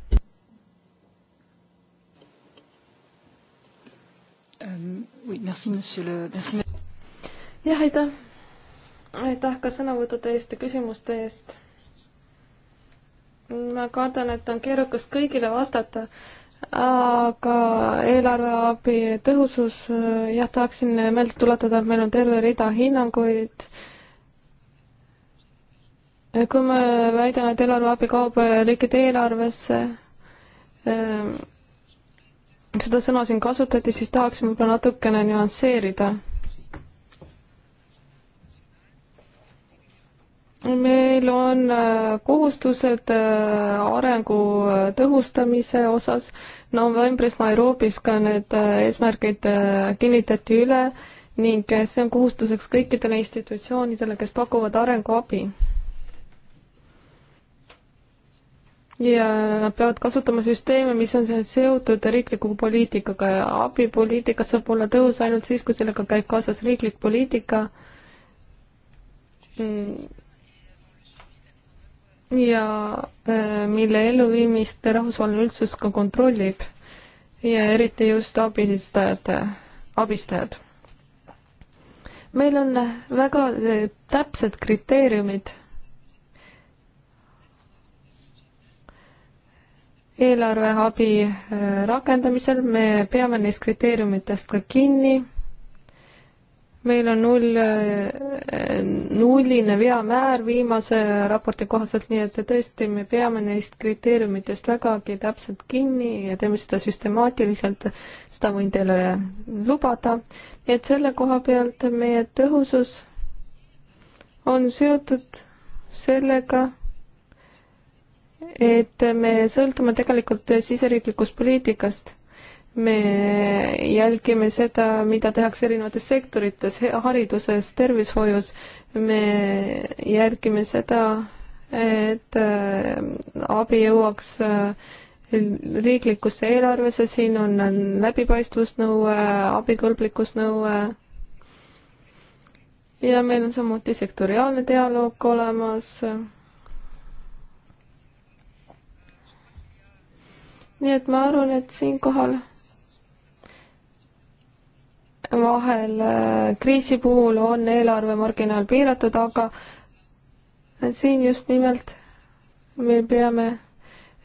Ähm, jah, aitäh. aitäh ka sõnavõttude eest ja küsimuste eest. ma kardan, et on keerukas kõigile vastata aga eelarveabi tõhusus, äh, jah, tahaksin meelde tuletada, et meil on terve rida hinnanguid. kui ma väidan, et eelarveabi kaob riikide äh, eelarvesse, ähm, seda sõna siin kasutati, siis tahaksin võib-olla natukene nüansseerida meil on äh, kohustused äh, arengu äh, tõhustamise osas. novembris Nairobis ka need eesmärgid kinnitati üle ning see on kohustuseks kõikidele institutsioonidele, kes pakuvad arenguabi. ja nad peavad kasutama süsteeme, mis on seotud riikliku poliitikaga ja abipoliitika saab olla tõhus ainult siis, kui sellega käib kaasas riiklik poliitika mm ja äh, mille elluviimist rahvusvaheline üldsus ka kontrollib ja eriti just abistajate, abistajad. meil on väga äh, täpsed kriteeriumid eelarveabi äh, rakendamisel, me peame neist kriteeriumitest ka kinni meil on null, nulline veamäär viimase raporti kohaselt, nii et tõesti, me peame neist kriteeriumitest vägagi täpselt kinni ja teeme seda süstemaatiliselt, seda võin teile lubada. nii et selle koha pealt meie tõhusus on seotud sellega, et me sõltume tegelikult siseriiklikust poliitikast me jälgime seda, mida tehakse erinevates sektorites, hariduses, tervishoius, me jälgime seda, et äh, abi jõuaks äh, riiklikusse eelarvesse, siin on läbipaistvusnõue, abikõlblikkusnõue ja meil on samuti sektoriaalne dialoog olemas nii et ma arvan, et siinkohal vahel äh, kriisi puhul on eelarve marginaal piiratud, aga siin just nimelt me peame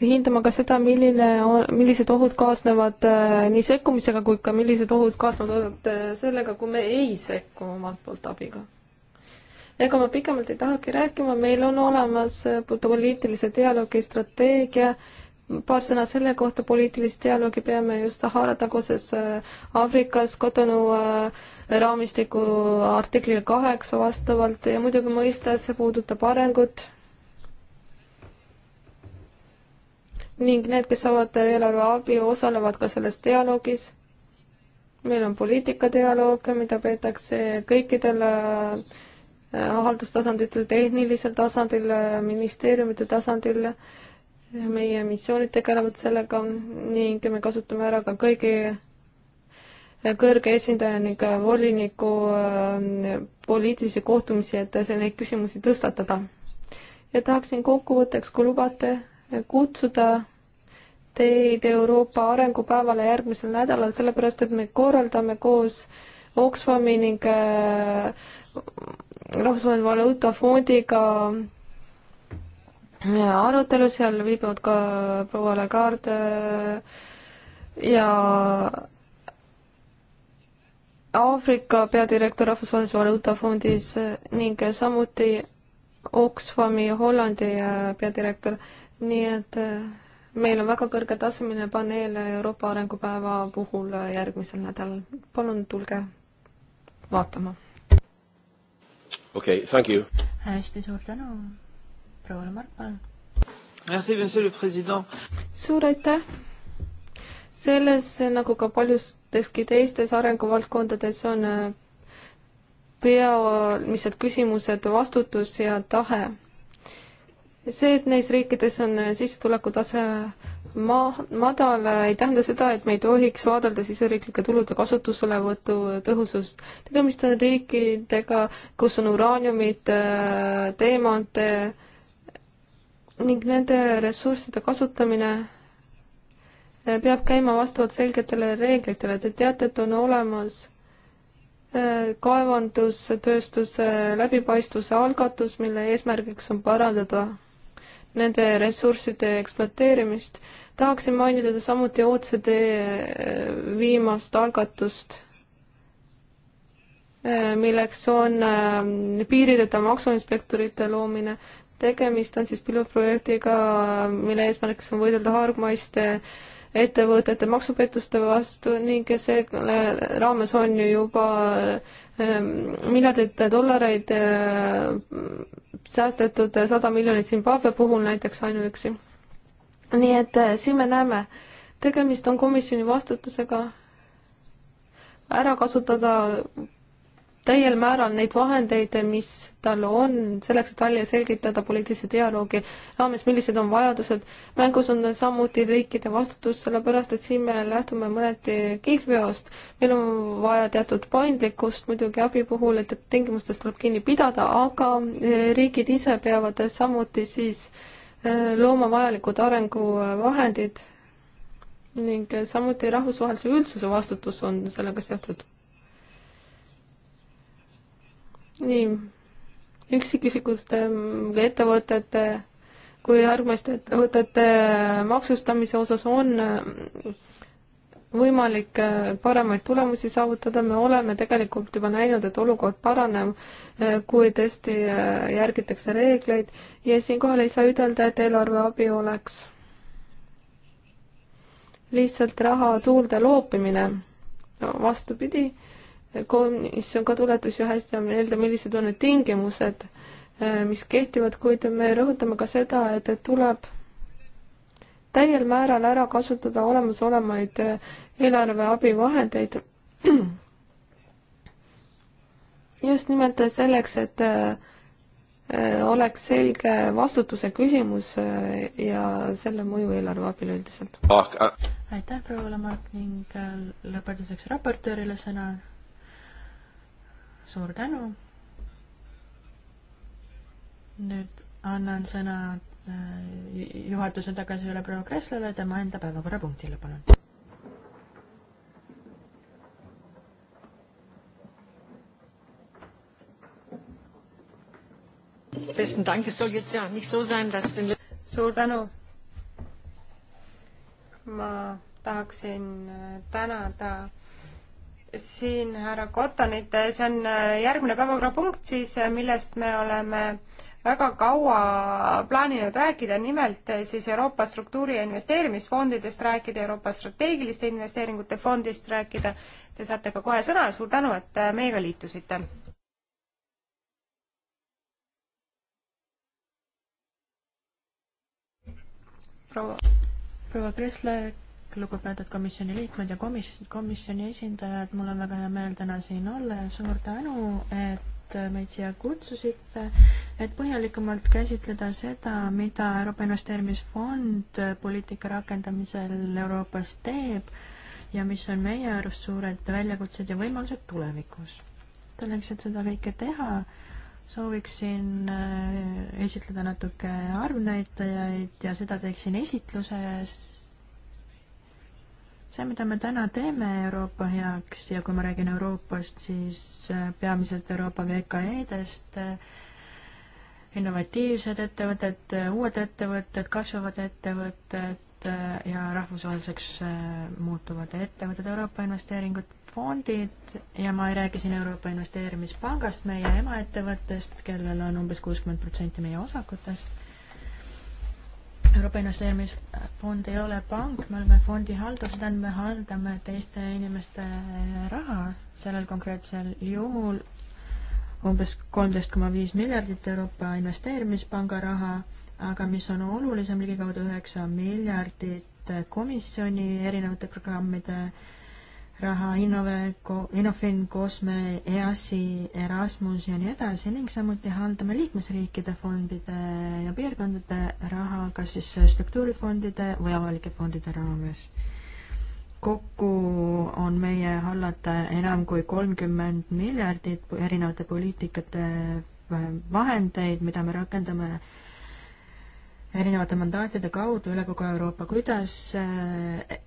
hindama ka seda, milline, millised ohud kaasnevad äh, nii sekkumisega kui ka millised ohud kaasnevad äh, sellega, kui me ei sekku omalt poolt abiga. ega ma pikemalt ei tahagi rääkima, meil on olemas poliitilise dialoogi strateegia äh, paar sõna selle kohta, poliitilist dialoogi peame just Sahara taguses äh, Aafrikas Cotonou äh, raamistiku artiklil kaheksa vastavalt ja muidugi mõista, et see puudutab arengut. ning need, kes saavad eelarve abi, osalevad ka selles dialoogis. meil on poliitikadialoog, mida peetakse kõikidel äh, haldustasanditel, tehnilisel tasandil, ministeeriumite tasandil meie missioonid tegelevad sellega ning me kasutame ära ka kõigi kõrge esindaja ning voliniku äh, poliitilisi kohtumisi, et neid küsimusi tõstatada. ja tahaksin kokkuvõtteks, kui lubate, kutsuda teid Euroopa arengupäevale järgmisel nädalal, sellepärast et me korraldame koos Oxfami ning äh, Rahvusvahelise Valuutafondiga arutelu, seal viibivad ka proua Lagarde ja Aafrika peadirektor Rahvusvahelise Valuutafondis ning samuti Oxfami Hollandi äh, peadirektor, nii et äh, meil on väga kõrgetasemeline paneel Euroopa arengupäeva puhul äh, järgmisel nädalal. palun tulge vaatama. okei okay,, thank you. hästi, suur tänu proua Mark, palun. suur aitäh! selles, nagu ka paljudeski teistes arenguvaldkondades, on äh, peamised küsimused vastutus ja tahe. see, et neis riikides on äh, sissetulekutase ma-, madal äh, ei tähenda seda, et me ei tohiks vaadelda siseriiklike tulude kasutuselevõtu tõhusust. tegemist on riikidega, kus on uraaniumid, teemante, ning nende ressursside kasutamine eh, peab käima vastavalt selgetele reeglitele. Te teate, et on olemas eh, kaevandustööstuse läbipaistvuse algatus, mille eesmärgiks on parandada nende ressursside ekspluateerimist. tahaksin mainida samuti OCD eh, viimast algatust, milleks on piirideta maksuinspektorite loomine tegemist on siis pilootprojektiga, mille eesmärgiks on võidelda hargmaiste ettevõtete maksupettuste vastu ning selle raames on ju juba ähm, miljardeid dollareid äh, säästetud, sada miljonit Zimbabwe puhul näiteks ainuüksi. nii et äh, siin me näeme, tegemist on komisjoni vastutusega ära kasutada täiel määral neid vahendeid, mis tal on selleks, et välja selgitada poliitilise dialoogi raames, millised on vajadused. mängus on samuti riikide vastutus, sellepärast et siin me lähtume mõneti kihlveost. meil on vaja teatud paindlikkust muidugi abi puhul, et tingimustest tuleb kinni pidada, aga eh, riigid ise peavad samuti siis eh, looma vajalikud arenguvahendid ning eh, samuti rahvusvahelise üldsuse vastutus on sellega seotud nii, üksikisikute mm, ettevõtete kui armastajate mm, maksustamise osas on mm, võimalik paremaid tulemusi saavutada, me oleme tegelikult juba näinud, et olukord paraneb, kui tõesti järgitakse reegleid ja siinkohal ei saa ütelda, et eelarveabi oleks lihtsalt raha tuulde loopimine. vastupidi, komisjon ka tuletas ju hästi meelde, millised on need tingimused, äh, mis kehtivad, kuid me rõhutame ka seda, et, et tuleb täiel määral ära kasutada olemasolevaid äh, eelarve abivahendeid. just nimelt selleks, et äh, oleks selge vastutuse küsimus ja selle mõju eelarve abil üldiselt. Ah, ah. aitäh proua Lamark ning lõpetuseks raportöörile sõna suur tänu. nüüd annan sõna äh, juhatuse tagasi üle proua Kresslale tema enda päevakorrapunktile, palun. suur tänu. ma tahaksin äh, tänada siin härra Kotonit, see on äh, järgmine päevakorrapunkt siis, äh, millest me oleme väga kaua plaaninud rääkida, nimelt äh, siis Euroopa struktuuri- ja investeerimisfondidest rääkida, Euroopa strateegiliste investeeringute fondist rääkida. Te saate ka kohe sõna, suur tänu, et meiega liitusite. proua. proua Kressle lugupeetud komisjoni liikmed ja komis-, komisjoni esindajad, mul on väga hea meel täna siin olla ja suur tänu, et meid siia kutsusite, et põhjalikumalt käsitleda seda, mida Euroopa Investeerimisfond poliitika rakendamisel Euroopas teeb ja mis on meie arust suured väljakutsed ja võimalused tulevikus. selleks, et seda kõike teha, sooviksin äh, esitleda natuke arvnäitajaid ja seda teeksin esitluses see, mida me täna teeme Euroopa heaks ja kui ma räägin Euroopast, siis äh, peamiselt Euroopa VKE-dest, äh, innovatiivsed ettevõtted, äh, uued ettevõtted, kasvavad ettevõtted ja rahvusvaheliseks muutuvad ettevõtted, Euroopa investeeringud fondid ja ma ei räägi siin Euroopa Investeerimispangast, meie emaettevõttest, kellel on umbes kuuskümmend protsenti meie osakutest. Euroopa Investeerimisfond ei ole pank, me oleme fondihaldur, see tähendab, me haldame teiste inimeste eh, raha, sellel konkreetsel juhul umbes kolmteist koma viis miljardit Euroopa Investeerimispanga raha, aga mis on olulisem, ligikaudu üheksa miljardit komisjoni erinevate programmide äh, raha Innove, Innofin, Cosme, EAS-i, Erasmus ja nii edasi ning samuti haldame liikmesriikide fondide ja piirkondade raha, kas siis struktuurifondide või avalike fondide raames. kokku on meie hallata enam kui kolmkümmend miljardit erinevate poliitikate äh, vahendeid, mida me rakendame erinevate mandaatide kaudu üle kogu Euroopa, kuidas äh,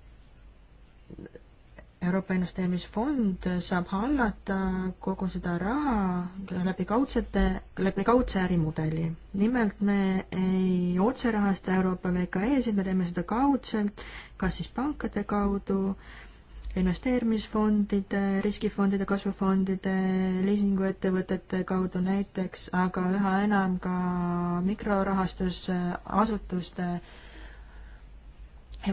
Euroopa Investeerimisfond saab hallata kogu seda raha läbi kaudsete, läbi kaudse ärimudeli. nimelt me ei otse rahasta Euroopa VKE-sid, me teeme seda kaudselt, kas siis pankade kaudu, investeerimisfondide, riskifondide, kasvufondide, liisinguettevõtete kaudu näiteks, aga üha enam ka mikrorahastusasutuste äh,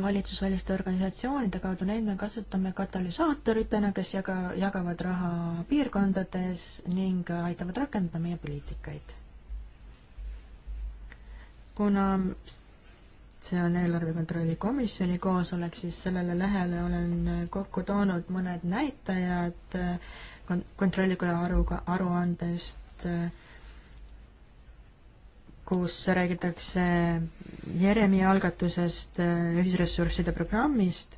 valitsusväliste organisatsioonide kaudu, neid me kasutame katalüsaatoritena, kes jaga, jagavad raha piirkondades ning aitavad rakendada meie poliitikaid. kuna see on eelarve kontrolli komisjoni koosolek, siis sellele lehele olen kokku toonud mõned näitajad äh, kontrollikoja aruga, aruandest äh, kus räägitakse Jeremi algatusest, äh, ühisressursside programmist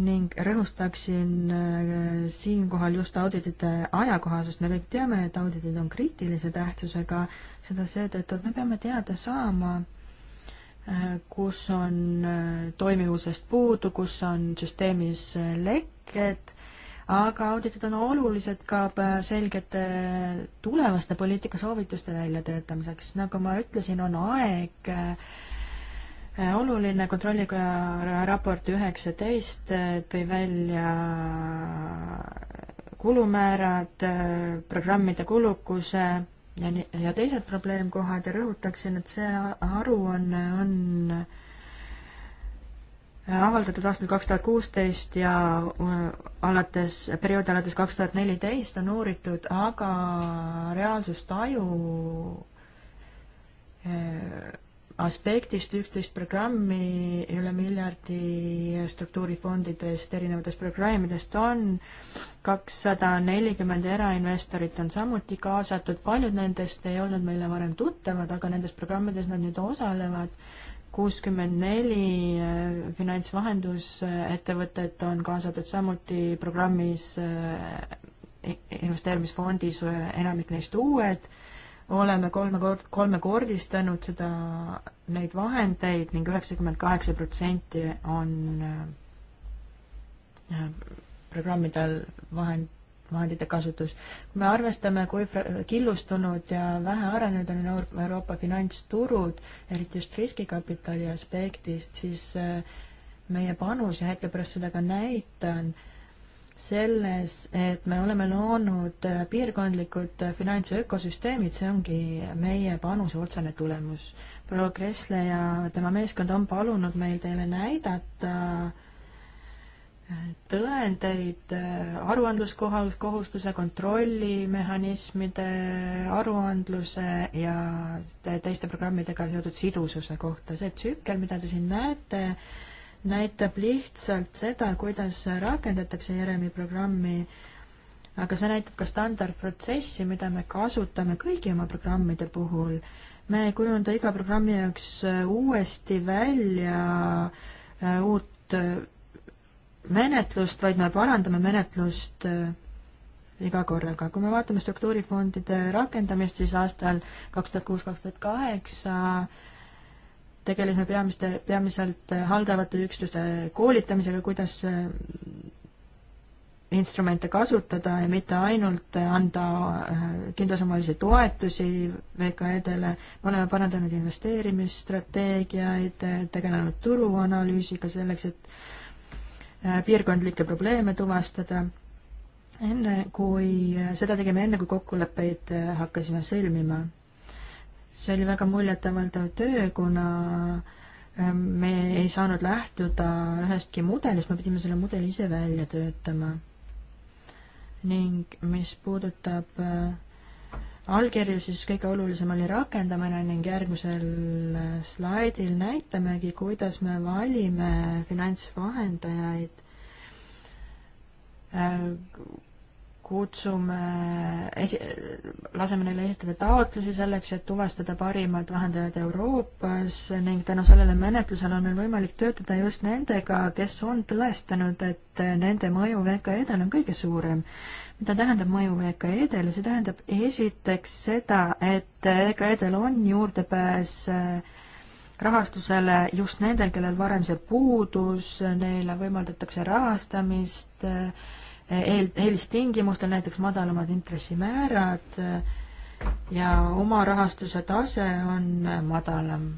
ning rõhustaksin äh, siinkohal just auditite ajakohasust, me kõik teame, et auditid on kriitilise tähtsusega, seda seetõttu, et me peame teada saama, äh, kus on toimivusest puudu, kus on süsteemis lekked aga auditid on olulised ka äh, selgete tulevaste poliitikasoovituste väljatöötamiseks. nagu ma ütlesin, on aeg äh, äh, oluline kontrollikoja raport üheksateist tõi välja kulumäärad, programmide kulukuse ja nii, ja teised probleemkohad ja rõhutaksin, et see aruanne on, on avaldatud aastal kaks tuhat kuusteist ja äh, alates, perioodi alates kaks tuhat neliteist on uuritud, aga reaalsustaju äh, aspektist üksteist programmi üle miljardi struktuurifondidest, erinevatest programmidest on, kakssada nelikümmend erainvestorit on samuti kaasatud, paljud nendest ei olnud meile varem tuttavad, aga nendes programmides nad nüüd osalevad kuuskümmend neli eh, finantsvahendusettevõtet on kaasatud samuti programmis eh, investeerimisfondis, eh, enamik neist uued, oleme kolmekord, kolmekordistanud seda, neid vahendeid ning üheksakümmend kaheksa protsenti on programmidel vahend, vahendite kasutus. kui me arvestame, kui killustunud ja vähearenenud on Euroopa finantsturud, eriti just riskikapitali aspektist, siis äh, meie panus ja hetkepärast seda ka näitan, selles, et me oleme loonud äh, piirkondlikud äh, finantsökosüsteemid, see ongi meie panuse otsene tulemus. proua Kressle ja tema meeskond on palunud meil teile näidata äh, tõendeid äh, aruandluskohustuse kontrollimehhanismide, aruandluse ja teiste programmidega seotud sidususe kohta. see tsükkel, mida te siin näete, näitab lihtsalt seda, kuidas rakendatakse Jeremi programmi, aga see näitab ka standardprotsessi, mida me kasutame kõigi oma programmide puhul. me ei kujunda iga programmi jaoks äh, uuesti välja äh, uut menetlust, vaid me parandame menetlust äh, iga korraga. kui me vaatame struktuurifondide rakendamist, siis aastal kaks tuhat kuus, kaks tuhat kaheksa tegelesime peamiste, peamiselt haldavate üksuste koolitamisega, kuidas äh, instrumente kasutada ja mitte ainult anda äh, kindlasummalisi toetusi VKE-dele, me oleme parandanud investeerimisstrateegiaid, tegelenud turuanalüüsiga selleks, et Äh, piirkondlikke probleeme tuvastada. enne kui, äh, seda tegime enne, kui kokkuleppeid äh, hakkasime sõlmima. see oli väga muljetavaldav töö, kuna me ei saanud lähtuda ühestki mudelist, me pidime selle mudeli ise välja töötama. ning mis puudutab äh, allkirju, siis kõige olulisem oli rakendamine ning järgmisel äh, slaidil näitamegi, kuidas me valime finantsvahendajaid. Äh, kutsume, esi-, laseme neile esitada taotlusi selleks, et tuvastada parimad vahendajad Euroopas ning tänu sellele menetlusele on meil võimalik töötada just nendega, kes on tõestanud, et nende mõju VKE-del on kõige suurem mida tähendab mõju EKE-dele, see tähendab esiteks seda, et EKE-del on juurdepääs äh, rahastusele just nendel, kellel varem see puudus, neile võimaldatakse rahastamist äh, eel, eelistingimustel, näiteks madalamad intressimäärad äh, ja omarahastuse tase on madalam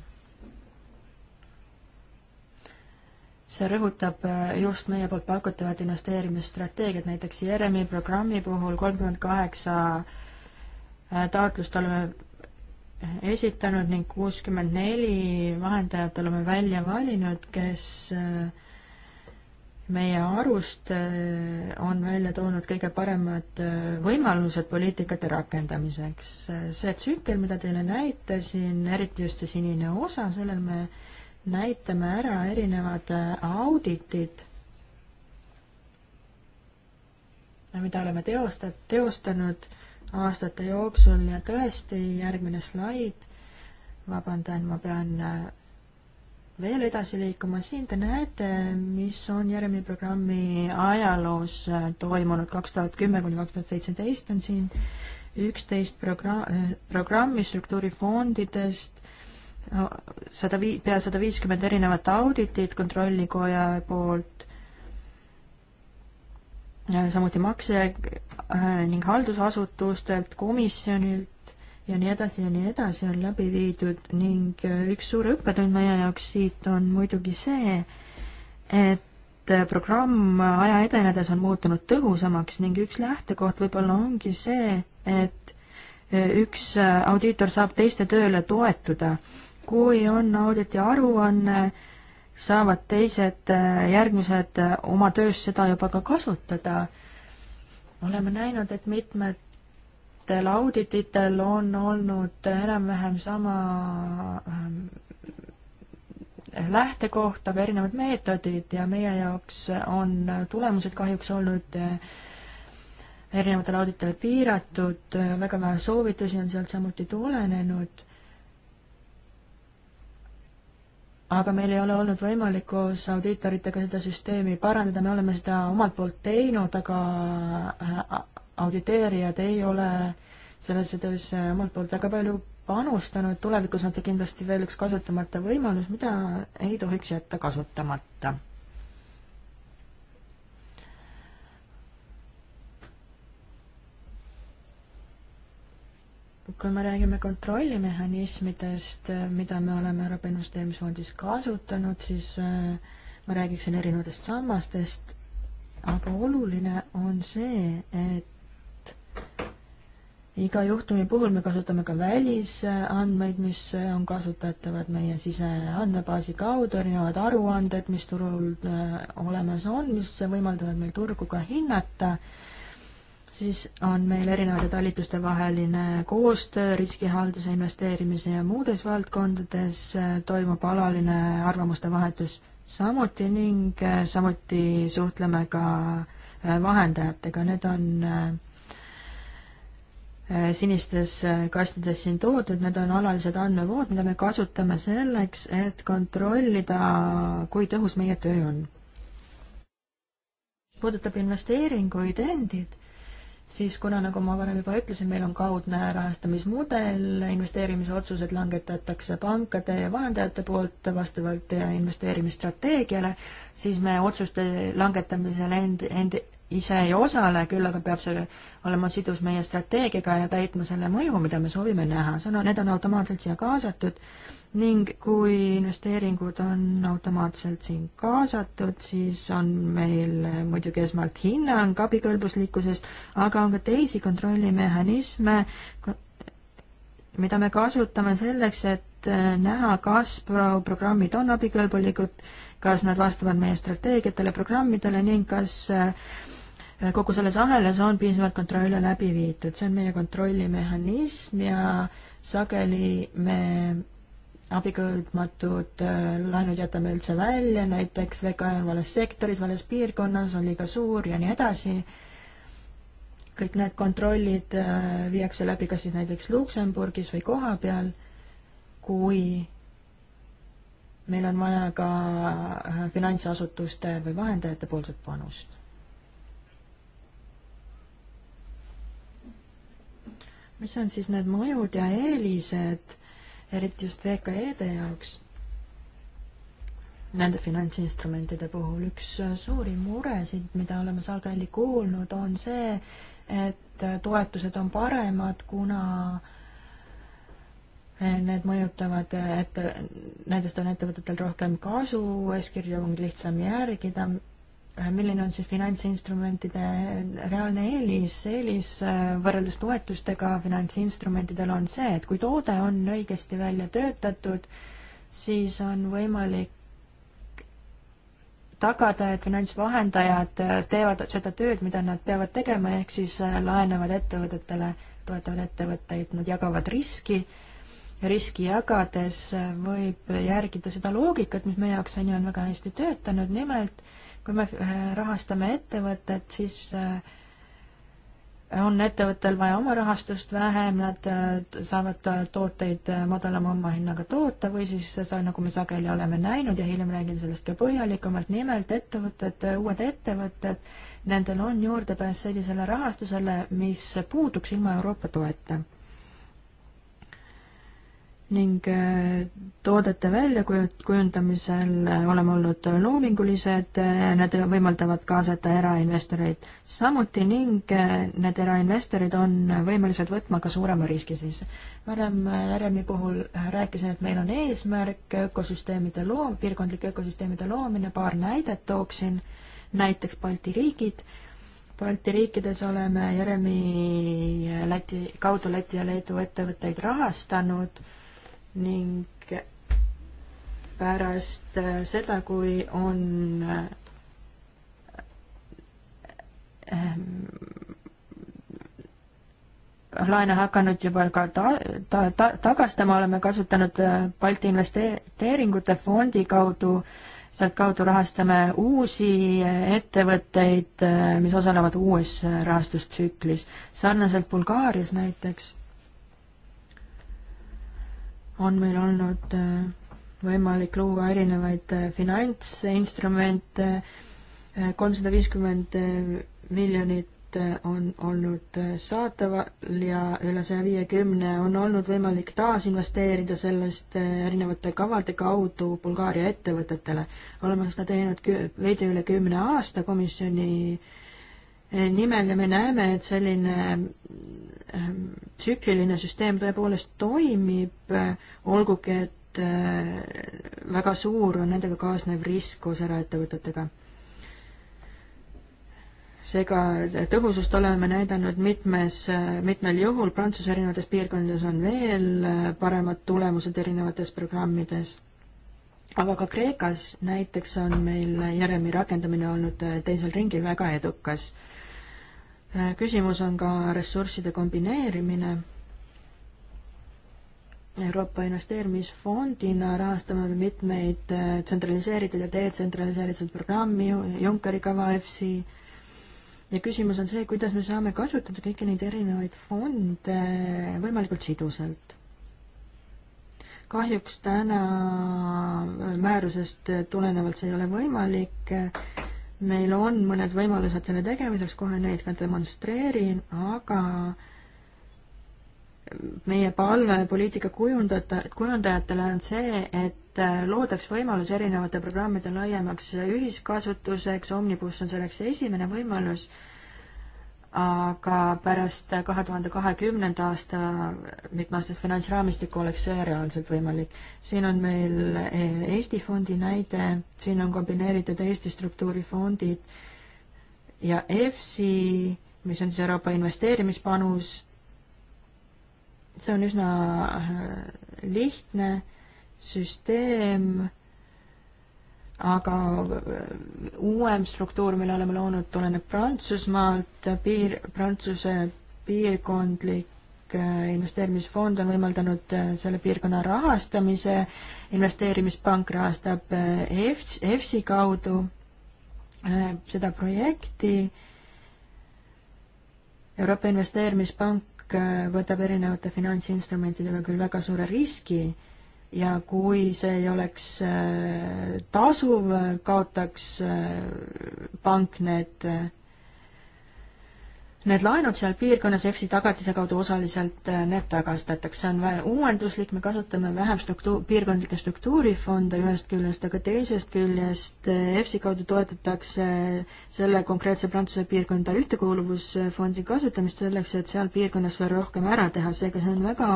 see rõhutab äh, just meie poolt pakutavat investeerimisstrateegiat, näiteks Jeremi programmi puhul kolmkümmend kaheksa äh, taotlust oleme esitanud ning kuuskümmend neli vahendajat oleme välja valinud, kes äh, meie arust on välja toonud kõige paremad võimalused poliitikate rakendamiseks. see tsükkel, mida teile näitasin, eriti just see sinine osa, sellel me näitame ära erinevad äh, auditid, mida oleme teostat-, teostanud aastate jooksul ja tõesti, järgmine slaid, vabandan, ma pean äh, veel edasi liikuma, siin te näete, mis on Jeremy programmi ajaloos äh, toimunud, kaks tuhat kümme kuni kaks tuhat seitseteist on siin üksteist progra-, programmi struktuurifondidest, sada vii-, pea sada viiskümmend erinevat auditit Kontrollikoja poolt, samuti makse- äh, ning haldusasutustelt, komisjonilt ja nii edasi ja nii edasi on läbi viidud ning äh, üks suur õppetund meie jaoks siit on muidugi see, et äh, programm aja edenedes on muutunud tõhusamaks ning üks lähtekoht võib-olla ongi see, et üks audiitor saab teiste tööle toetuda kui on auditi aruanne, saavad teised äh, järgmised äh, oma töös seda juba ka kasutada. oleme näinud, et mitmetel audititel on olnud enam-vähem sama ähm, lähtekoht, aga erinevad meetodid ja meie jaoks on tulemused kahjuks olnud äh, erinevatel audititel piiratud, väga vähe soovitusi on sealt samuti tulenenud aga meil ei ole olnud võimalik koos audiitoritega seda süsteemi parandada, me oleme seda omalt poolt teinud, aga äh, auditeerijad ei ole sellesse töösse omalt poolt väga palju panustanud, tulevikus on see kindlasti veel üks kasutamata võimalus, mida ei tohiks jätta kasutamata kui me räägime kontrollimehhanismidest, mida me oleme Euroopa Investeerimisfondis kasutanud, siis äh, ma räägiksin erinevatest sammastest, aga oluline on see, et iga juhtumi puhul me kasutame ka välisandmeid, mis on kasutatavad meie siseandmebaasi kaudu, erinevad aruanded, mis turul äh, olemas on, mis võimaldavad meil turgu ka hinnata siis on meil erinevate talituste vaheline koostöö riskihalduse, investeerimise ja muudes valdkondades toimub alaline arvamuste vahetus samuti ning eh, samuti suhtleme ka eh, vahendajatega, need on eh, sinistes kastides siin toodud, need on alalised andmevood, mida me kasutame selleks, et kontrollida, kui tõhus meie töö on. puudutab investeeringuid endid, siis kuna, nagu ma varem juba ütlesin, meil on kaudne rahastamismudel, investeerimisotsused langetatakse pankade ja vahendajate poolt vastavalt investeerimisstrateegiale, siis me otsuste langetamisel end, end ise ei osale, küll aga peab see olema sidus meie strateegiaga ja täitma selle mõju, mida me soovime näha. see on, need on automaatselt siia kaasatud ning kui investeeringud on automaatselt siin kaasatud, siis on meil muidugi esmalt hinnang abikõlbuslikkusest, aga on ka teisi kontrollimehhanisme, mida me kasutame selleks, et äh, näha, kas pro programmid on abikõlbulikud, kas nad vastavad meie strateegiatele, programmidele ning kas äh, kogu selles ahelas on piisavalt kontrolle läbi viidud, see on meie kontrollimehhanism ja sageli me abikõlbmatud äh, laenud jätame üldse välja, näiteks VKI on vales sektoris, vales piirkonnas, on liiga suur ja nii edasi. kõik need kontrollid äh, viiakse läbi kas siis näiteks Luksemburgis või kohapeal, kui meil on vaja ka äh, finantsasutuste või vahendajate poolset panust. mis on siis need mõjud ja eelised eriti just VKE-de jaoks. Nende finantsinstrumentide puhul üks äh, suuri muresid, mida oleme sageli kuulnud, on see, et äh, toetused on paremad, kuna äh, need mõjutavad, et nendest on ettevõtetel rohkem kasu, eeskirju on lihtsam järgida Äh, milline on see finantsinstrumentide reaalne eelis, eelis äh, võrreldes toetustega finantsinstrumentidel on see, et kui toode on õigesti välja töötatud, siis on võimalik tagada, et finantsvahendajad äh, teevad seda tööd, mida nad peavad tegema, ehk siis laenavad ettevõtetele, toetavad ettevõtteid, nad jagavad riski riski jagades võib järgida seda loogikat, mis meie jaoks seni on väga hästi töötanud, nimelt kui me äh, rahastame ettevõtet, siis äh, on ettevõttel vaja oma rahastust vähem, nad äh, saavad tooteid madalama omahinnaga toota või siis sa, nagu me sageli oleme näinud ja hiljem räägin sellest ka põhjalikumalt, nimelt ettevõtted, uued ettevõtted, nendel on juurdepääs sellisele rahastusele, mis puuduks ilma Euroopa toeta ning äh, toodete väljakujundamisel äh, oleme olnud loomingulised, äh, need võimaldavad kaasata erainvestoreid samuti ning need erainvestorid on võimelised võtma ka suurema riski siis. varem RM-i puhul rääkisin, et meil on eesmärk ökosüsteemide loom, piirkondlike ökosüsteemide loomine, paar näidet tooksin, näiteks Balti riigid Balti riikides oleme Jeremi Läti, kaudu Läti ja Leedu ettevõtteid rahastanud ning pärast äh, seda, kui on ähm, laene hakanud juba ka ta, ta, ta, tagastama, oleme kasutanud äh, Balti investeeringute fondi kaudu, sealtkaudu rahastame uusi äh, ettevõtteid, mis osalevad uues rahastustsüklis, sarnaselt Bulgaarias näiteks on meil olnud äh, võimalik luua erinevaid äh, finantsinstrumente, äh, kolmsada viiskümmend miljonit on olnud saataval ja üle saja viiekümne on olnud võimalik taasinvesteerida sellest erinevate kavade kaudu Bulgaaria ettevõtetele. oleme seda teinud veidi üle kümne aasta, komisjoni äh, nimel ja me näeme, et selline ähm, tsükliline süsteem tõepoolest toimib, olgugi et äh, väga suur on nendega kaasnev risk koos eraettevõtetega. seega äh, tõhusust oleme näidanud mitmes, äh, mitmel juhul, Prantsuse erinevates piirkondades on veel paremad tulemused erinevates programmides, aga ka Kreekas näiteks on meil järelmi rakendamine olnud teisel ringil väga edukas Äh, küsimus on ka ressursside kombineerimine. Euroopa Investeerimisfondina rahastame me mitmeid äh, tsentraliseeritud ja detsentraliseeritud programmi, Junckeri kava, EFSI, ja küsimus on see, kuidas me saame kasutada kõiki neid erinevaid fonde võimalikult sidusalt. kahjuks täna äh, määrusest tulenevalt see ei ole võimalik meil on mõned võimalused selle tegemiseks, kohe neid ka demonstreerin, aga meie palve poliitika kujundajate, kujundajatele on see, et äh, loodaks võimalus erinevate programmide laiemaks ühiskasutuseks, Omnibus on selleks esimene võimalus äh, aga pärast kahe tuhande kahekümnenda aasta mitmeaastast finantsraamistikku oleks see reaalselt võimalik. siin on meil eh, Eesti fondi näide, siin on kombineeritud Eesti struktuurifondid ja EFSI, mis on siis Euroopa investeerimispanus, see on üsna eh, lihtne süsteem aga äh, uuem struktuur, mille oleme loonud, tuleneb Prantsusmaalt, piir, Prantsuse piirkondlik äh, investeerimisfond on võimaldanud äh, selle piirkonna rahastamise, investeerimispank rahastab EFS, EFSi kaudu seda projekti. Euroopa Investeerimispank võtab erinevate finantsinstrumentidega küll väga suure riski ja kui see ei oleks äh, tasuv, äh, kaotaks äh, pank need, need laenud seal piirkonnas EFSI tagatise kaudu osaliselt, need tagastatakse, on uuenduslik, me kasutame vähem struktuur, piirkondlikke struktuurifonde ühest küljest, aga teisest küljest EFSI kaudu toetatakse selle konkreetse Prantsuse piirkonda ühtekuuluvusfondi kasutamist selleks, et seal piirkonnas veel rohkem ära teha, seega see on väga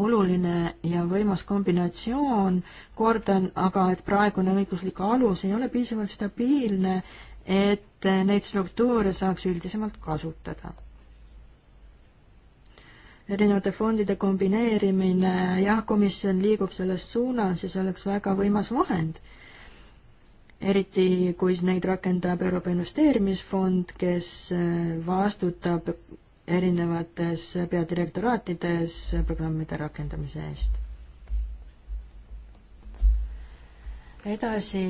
oluline ja võimas kombinatsioon, kordan aga, et praegune õiguslik alus ei ole piisavalt stabiilne, et neid struktuure saaks üldisemalt kasutada. erinevate fondide kombineerimine, jah, komisjon liigub selles suunas ja see oleks väga võimas vahend eriti kui neid rakendab Euroopa Investeerimisfond, kes vastutab erinevates peadirektoraatides programmide rakendamise eest. edasi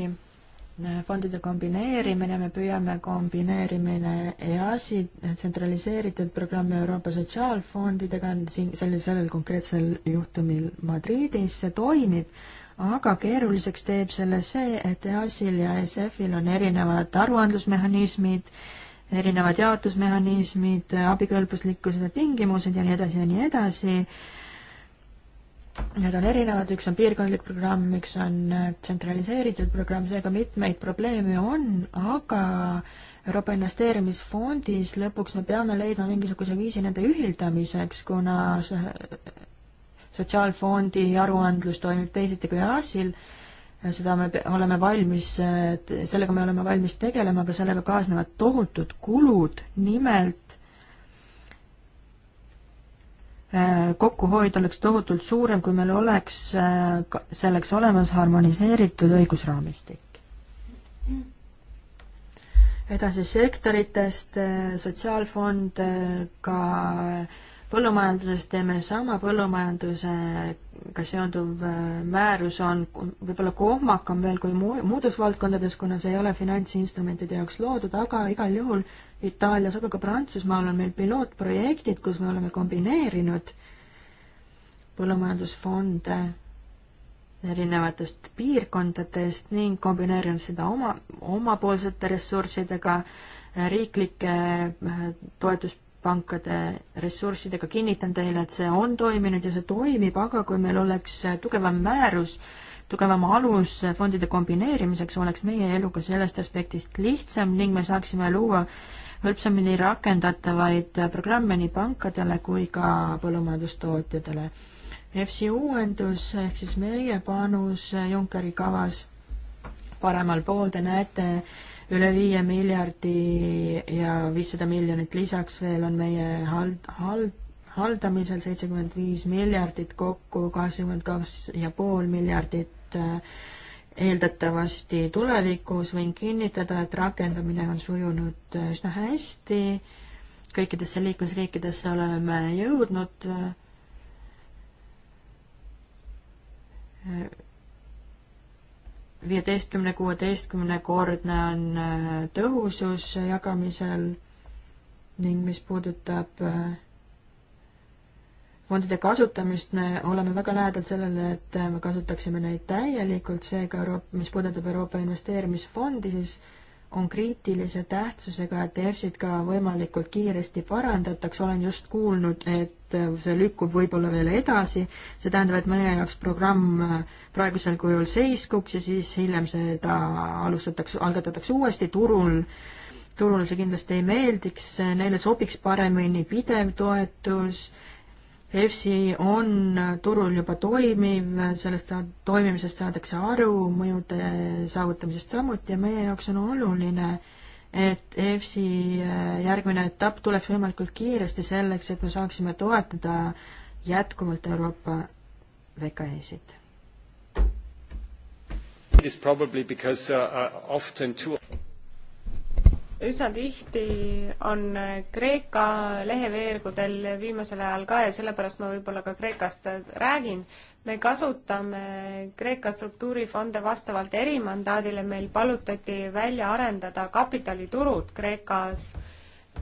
fondide kombineerimine, me püüame kombineerimine EAS-i tsentraliseeritud programmi Euroopa Sotsiaalfondidega, siin sellel, sellel konkreetsel juhtumil Madridis see toimib, aga keeruliseks teeb selle see, et EAS-il ja ESF-il on erinevad aruandlusmehhanismid, erinevad jaotusmehhanismid, abikõlbuslikkuse tingimused ja nii edasi ja nii edasi. Need on erinevad, üks on piirkondlik programm, üks on äh, tsentraliseeritud programm, seega mitmeid probleeme on, aga Euroopa Investeerimisfondis lõpuks me peame leidma mingisuguse viisi nende ühildamiseks, kuna sotsiaalfondi aruandlus toimib teisiti kui AS-il seda me oleme valmis, sellega me oleme valmis tegelema, aga sellega kaasnevad tohutud kulud, nimelt äh, kokkuhoid oleks tohutult suurem, kui meil oleks äh, selleks olemas harmoniseeritud õigusraamistik. edasi sektoritest, äh, sotsiaalfond, ka põllumajanduses teeme sama, põllumajandusega seonduv äh, määrus on võib-olla kohmakam veel kui muu, muudes valdkondades, kuna see ei ole finantsinstrumentide jaoks loodud, aga igal juhul Itaalias, aga ka Prantsusmaal on meil pilootprojektid, kus me oleme kombineerinud põllumajandusfonde erinevatest piirkondadest ning kombineerinud seda oma, omapoolsete ressurssidega, äh, riiklike äh, toetus pankade ressurssidega, kinnitan teile, et see on toiminud ja see toimib, aga kui meil oleks tugevam määrus, tugevam alus fondide kombineerimiseks, oleks meie elu ka sellest aspektist lihtsam ning me saaksime luua hõlpsamini rakendatavaid programme nii pankadele kui ka põllumajandustootjadele. EFSI uuendus ehk siis meie panus Junckeri kavas paremal pool te näete, üle viie miljardi ja viissada miljonit lisaks veel on meie hald-, hald-, haldamisel seitsekümmend viis miljardit kokku, kaheksakümmend kaks ja pool miljardit äh, eeldatavasti tulevikus, võin kinnitada, et rakendamine on sujunud äh, üsna hästi, kõikidesse liikmesriikidesse oleme jõudnud, äh, viieteistkümne, kuueteistkümne kordne on äh, tõhusus jagamisel ning mis puudutab äh, fondide kasutamist, me oleme väga lähedal sellele, et äh, me kasutaksime neid täielikult, seega Euroopa, mis puudutab Euroopa Investeerimisfondi, siis on kriitilise tähtsusega, et EFSit ka võimalikult kiiresti parandataks, olen just kuulnud, et see lükkub võib-olla veel edasi, see tähendab, et mõne jaoks programm praegusel kujul seiskuks ja siis hiljem seda alustatakse, algatatakse uuesti turul, turul see kindlasti ei meeldiks, neile sobiks paremini pidev toetus, EFSI on turul juba toimiv, sellest toimimisest saadakse aru, mõjude saavutamisest samuti ja meie jaoks on oluline, et EFSI äh, järgmine etapp tuleks võimalikult kiiresti selleks, et me saaksime toetada jätkuvalt Euroopa VKE-sid. It is probably because uh, uh often too üsna tihti on Kreeka leheveergudel viimasel ajal ka ja sellepärast ma võib-olla ka Kreekast räägin. me kasutame Kreeka struktuurifonde vastavalt erimandaadile, meil palutati välja arendada kapitaliturud Kreekas.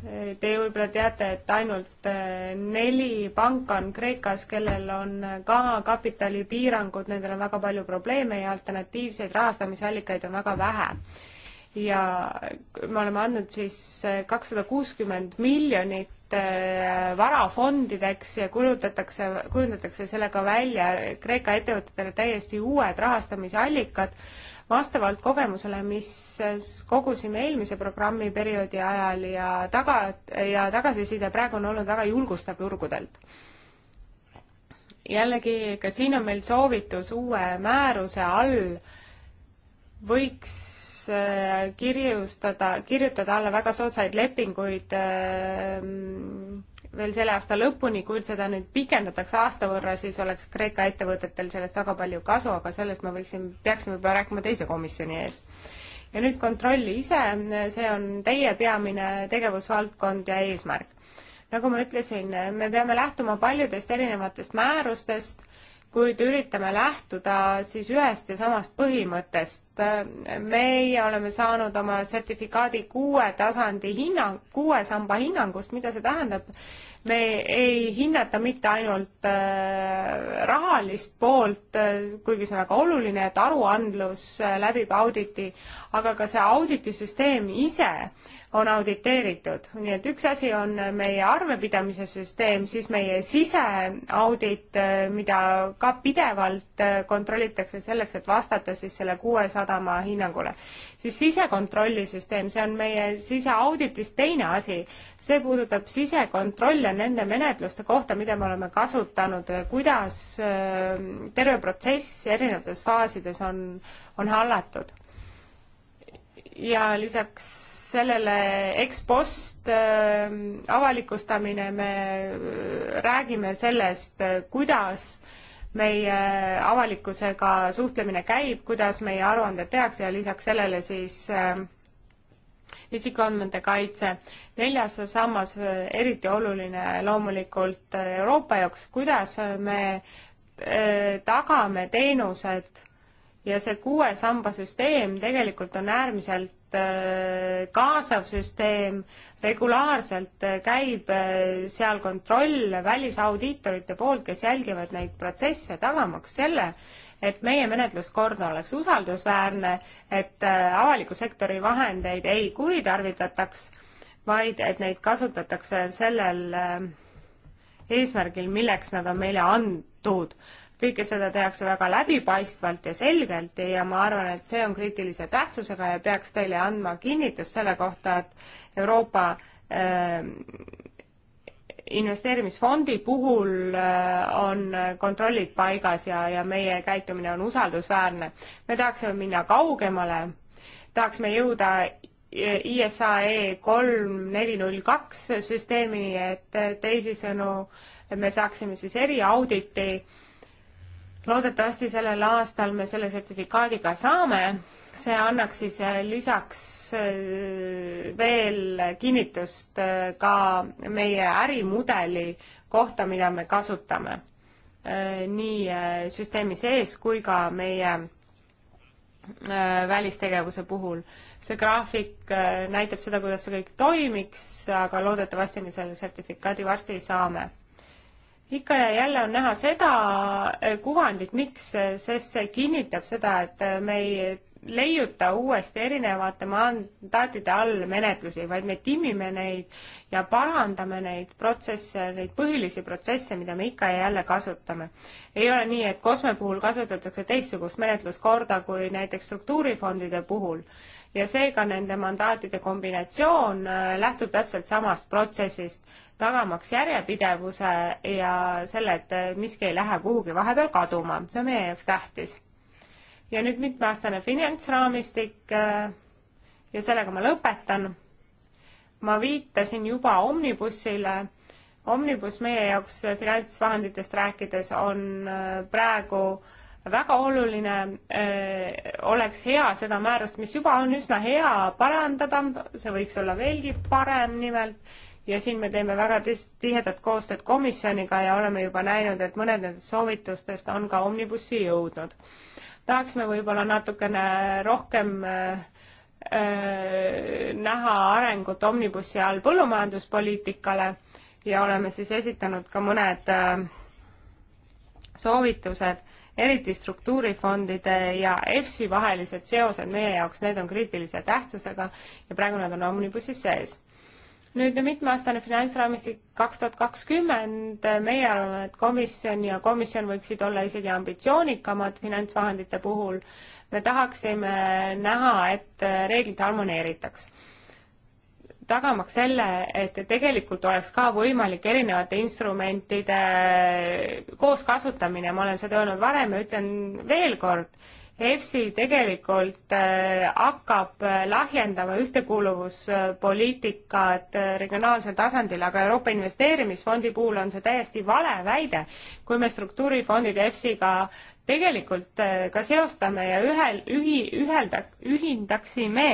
Te võib-olla teate, et ainult eh, neli panka on Kreekas, kellel on ka kapitalipiirangud, nendel on väga palju probleeme ja alternatiivseid rahastamisallikaid on väga vähe ja me oleme andnud siis kakssada kuuskümmend miljonit äh, varafondideks ja kulutatakse, kujundatakse sellega välja Kreeka ettevõtetele täiesti uued rahastamisallikad vastavalt kogemusele, mis äh, kogusime eelmise programmiperioodi ajal ja taga, ja tagasiside praegu on olnud väga julgustav turgudelt. jällegi, ka siin on meil soovitus uue määruse all võiks Äh, kirjustada, kirjutada alla väga soodsaid lepinguid ähm, veel selle aasta lõpuni, kui seda nüüd pikendatakse aasta võrra, siis oleks Kreeka ettevõtetel sellest väga palju kasu, aga sellest me võiksime, peaksime juba rääkima teise komisjoni ees. ja nüüd kontrolli ise, see on teie peamine tegevusvaldkond ja eesmärk. nagu ma ütlesin, me peame lähtuma paljudest erinevatest määrustest kuid üritame lähtuda siis ühest ja samast põhimõttest. meie oleme saanud oma sertifikaadi kuue tasandi hinnang, kuue samba hinnangust, mida see tähendab? me ei hinnata mitte ainult äh, rahalist poolt, äh, kuigi see on väga oluline, et aruandlus äh, läbib auditi, aga ka see auditisüsteem ise on auditeeritud. nii et üks asi on meie arvepidamise süsteem, siis meie siseaudit, äh, mida ka pidevalt äh, kontrollitakse selleks, et vastata siis selle kuue sadama hinnangule. siis sisekontrollisüsteem, see on meie siseauditis teine asi. see puudutab sisekontrolle nende menetluste kohta, mida me oleme kasutanud, äh, kuidas terve protsess erinevates faasides on, on hallatud ja lisaks sellele ekspost ähm, avalikustamine, me äh, räägime sellest, äh, kuidas meie avalikkusega suhtlemine käib, kuidas meie aruanded tehakse ja lisaks sellele siis ähm, isikuandmete kaitse. neljas sammas, äh, eriti oluline loomulikult Euroopa jaoks, kuidas me tagame teenused ja see kuue samba süsteem tegelikult on äärmiselt äh, kaasav süsteem, regulaarselt äh, käib äh, seal kontroll välisaudiitorite poolt, kes jälgivad neid protsesse, tagamaks selle, et meie menetluskord oleks usaldusväärne, et avaliku sektori vahendeid ei kuritarvitataks, vaid et neid kasutatakse sellel eesmärgil, milleks nad on meile antud kõike seda tehakse väga läbipaistvalt ja selgelt ja ma arvan, et see on kriitilise tähtsusega ja peaks teile andma kinnitust selle kohta, et Euroopa äh, investeerimisfondi puhul äh, on kontrollid paigas ja, ja meie käitumine on usaldusväärne. me tahaksime minna kaugemale, tahaksime jõuda ISAE kolm neli null kaks süsteemini, et teisisõnu me saaksime siis eriauditi äh, loodetavasti sellel aastal me selle sertifikaadi ka saame, see annaks siis äh, lisaks äh, veel kinnitust äh, ka meie ärimudeli kohta, mida me kasutame nii süsteemi sees kui ka meie välistegevuse puhul. see graafik näitab seda, kuidas see kõik toimiks, aga loodetavasti me selle sertifikaadi varsti saame ikka ja jälle on näha seda äh, kuvandit, miks, äh, sest see kinnitab seda, et äh, me ei leiuta uuesti erinevate mandaatide all menetlusi, vaid me timmime neid ja parandame neid protsesse, neid põhilisi protsesse, mida me ikka ja jälle kasutame. ei ole nii, et kosme puhul kasutatakse teistsugust menetluskorda kui näiteks struktuurifondide puhul ja seega nende mandaatide kombinatsioon lähtub täpselt samast protsessist tagamaks järjepidevuse ja selle, et miski ei lähe kuhugi vahepeal kaduma, see on meie jaoks tähtis. ja nüüd mitmeaastane finantsraamistik äh, ja sellega ma lõpetan. ma viitasin juba Omnibussile. Omnibus meie jaoks finantsvahenditest rääkides on äh, praegu väga oluline öö, äh, oleks hea seda määrust, mis juba on üsna hea, parandada, see võiks olla veelgi parem nimelt ja siin me teeme väga tihedat koostööd komisjoniga ja oleme juba näinud, et mõned nendest soovitustest on ka Omnibussi jõudnud. tahaksime võib-olla natukene rohkem äh, äh, näha arengut Omnibussi all põllumajanduspoliitikale ja oleme siis esitanud ka mõned äh, soovitused, eriti struktuurifondide ja EFSI vahelised seosed meie jaoks, need on kriitilise tähtsusega ja praegu nad on Omnibussis sees nüüd mitmeaastane finantsraamistik kaks tuhat kakskümmend, meie arvame, et komisjon ja komisjon võiksid olla isegi ambitsioonikamad finantsvahendite puhul. me tahaksime näha, et reeglid harmoneeritaks. tagamaks selle, et tegelikult oleks ka võimalik erinevate instrumentide kooskasutamine, ma olen seda öelnud varem ja ütlen veel kord EFSI tegelikult äh, hakkab äh, lahjendama ühtekuuluvuspoliitikat äh, regionaalsel tasandil, aga Euroopa Investeerimisfondi puhul on see täiesti vale väide, kui me struktuurifondid EFSI-ga tegelikult ka seostame ja ühel, ühi-, ühelda-, ühindaksime,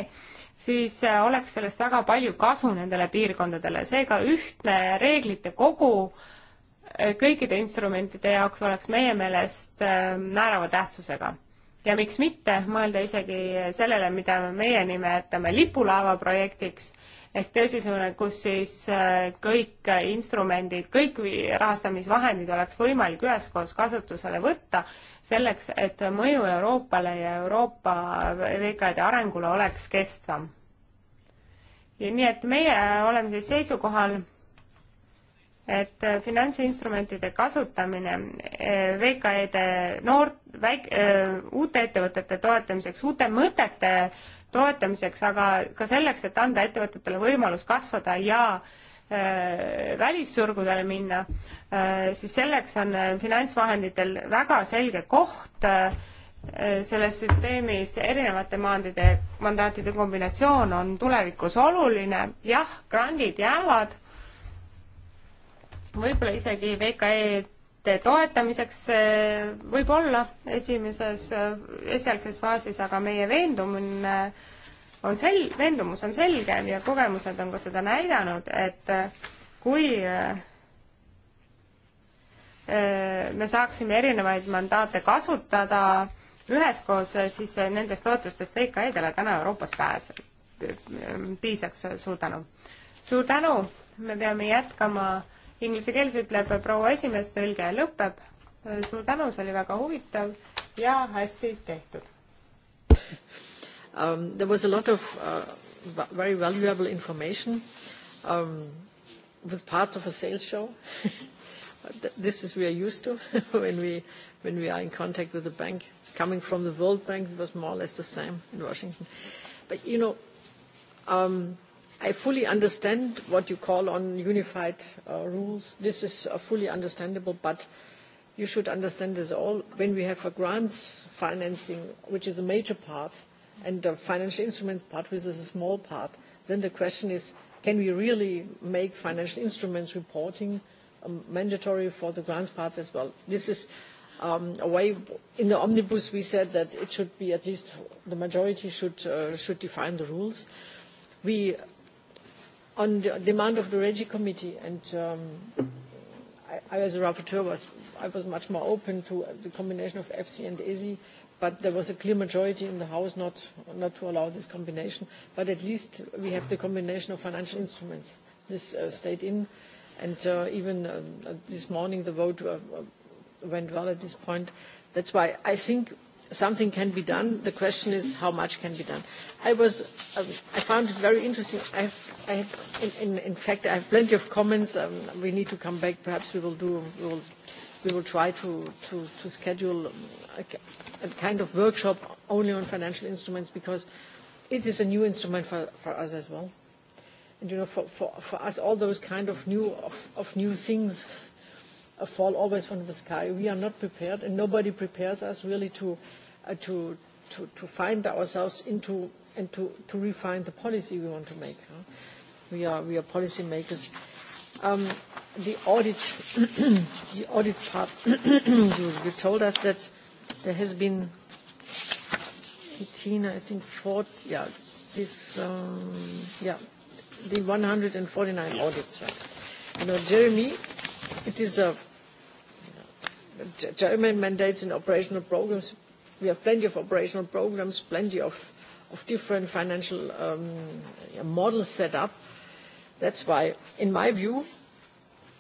siis oleks sellest väga palju kasu nendele piirkondadele, seega ühtne reeglite kogu kõikide instrumentide jaoks oleks meie meelest määrava tähtsusega ja miks mitte mõelda isegi sellele, mida meie nimetame lipulaeva projektiks, ehk teisisõnu, kus siis äh, kõik instrumendid, kõik rahastamisvahendid oleks võimalik üheskoos kasutusele võtta, selleks et mõju Euroopale ja Euroopa riikide arengule oleks kestvam. nii et meie oleme siis seisukohal et äh, finantsinstrumentide kasutamine äh, VKE-de noort, väik-, äh, uute ettevõtete toetamiseks, uute mõtete toetamiseks, aga ka selleks, et anda ettevõtetele võimalus kasvada ja välissurgudele minna, siis selleks on finantsvahenditel väga selge koht selles süsteemis, erinevate maandide, mandaatide kombinatsioon on tulevikus oluline, jah, grandid jäävad võib-olla isegi VKE-de toetamiseks eh, võib-olla esimeses, eh, esialgses faasis, aga meie veendumine eh, on sel-, veendumus on selge ja kogemused on ka seda näidanud, et kui me saaksime erinevaid mandaate kasutada üheskoos, siis nendest toetustest VKE-dele täna Euroopas pääseb, piisaks, suur tänu! suur tänu, me peame jätkama äh, Inglise keeles ütleb proua esimees, tõlge lõpeb. suur tänu, see oli väga huvitav ja hästi tehtud um,. There was a lot of uh, very valuable information um, with parts of a sales show this is we are used to when we when we are in contact with the bank. It's coming from the World Bank. It was more or less the same in Washington. But you know, um, I fully understand what you call on unified uh, rules. This is uh, fully understandable, but you should understand this all. When we have a grants financing, which is a major part, and the financial instruments part, which is a small part, then the question is, can we really make financial instruments reporting um, mandatory for the grants part as well? This is um, a way. In the omnibus, we said that it should be at least the majority should, uh, should define the rules. We on the demand of the Regi Committee, and um, I, I, as a rapporteur, was I was much more open to the combination of EFSI and ESI, but there was a clear majority in the House not, not to allow this combination. But at least we have the combination of financial instruments. This uh, stayed in, and uh, even uh, this morning the vote uh, uh went well at this point. That's why I think something can be done. The question is how much can be done. I was, um, I found it very interesting. I've, I have, in, in, in fact, I have plenty of comments. Um, we need to come back. Perhaps we will do, we will, we will try to, to, to schedule um, a, a kind of workshop only on financial instruments because it is a new instrument for, for us as well. And you know, for, for, for us, all those kind of new, of, of new things uh, fall always from the sky. We are not prepared, and nobody prepares us really to, uh, to, to, to find ourselves into and to, to refine the policy we want to make. Huh? We, are, we are policy makers. Um, the audit, the audit part, you, you told us that there has been 18, I think, 40, yeah, this, um, yeah, the 149 yeah. audits. Yeah. You know, Jeremy, it is a German mandates and operational programs. We have plenty of operational programs, plenty of, of different financial um, models set up. That's why, in my view,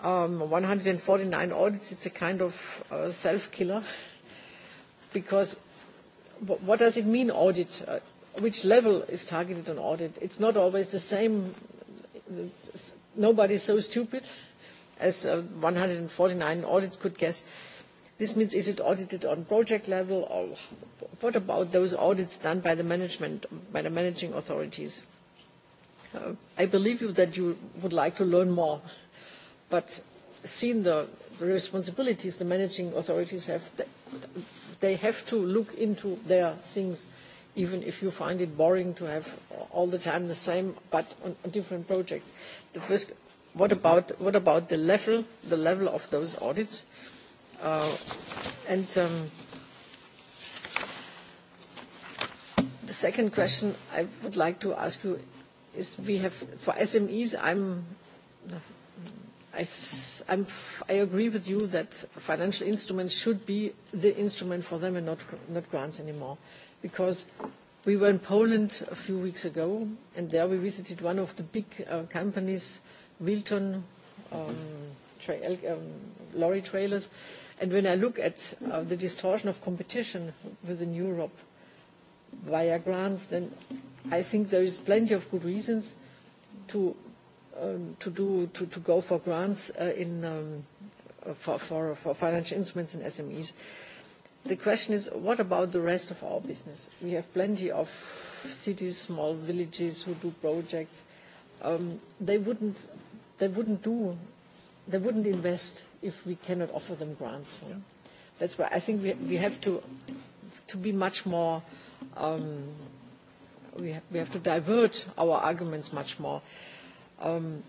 um, 149 audits, it's a kind of uh, self-killer. Because what does it mean, audit? Uh, which level is targeted on audit? It's not always the same. Nobody's so stupid as uh, 149 audits could guess. Uh, This means, is it audited on project level, or what about those audits done by the management, by the managing authorities? Uh, I believe you that you would like to learn more, but seeing the responsibilities the managing authorities have, they have to look into their things, even if you find it boring to have all the time the same, but on, on different projects. The first, what about, what about the level, the level of those audits? Uh, and um, the second question I would like to ask you is we have for SMEs, I'm, I, I'm, I agree with you that financial instruments should be the instrument for them and not, not grants anymore. Because we were in Poland a few weeks ago, and there we visited one of the big uh, companies, Wilton um, tra- um, lorry trailers, uh, And when I look at uh, the distortion of competition within Europe via grants, then I think there is plenty of good reasons to um, to do to, to go for grants uh, in um, uh, for, for, for financial instruments in SMEs. The question is, what about the rest of our business? We have plenty of cities, small villages who do projects. Um, they wouldn't they wouldn't do they wouldn't invest if we cannot offer them grants. Yeah. That's why I think we, we have to, to be much more, um, we, have, we have to divert our arguments much more. Um,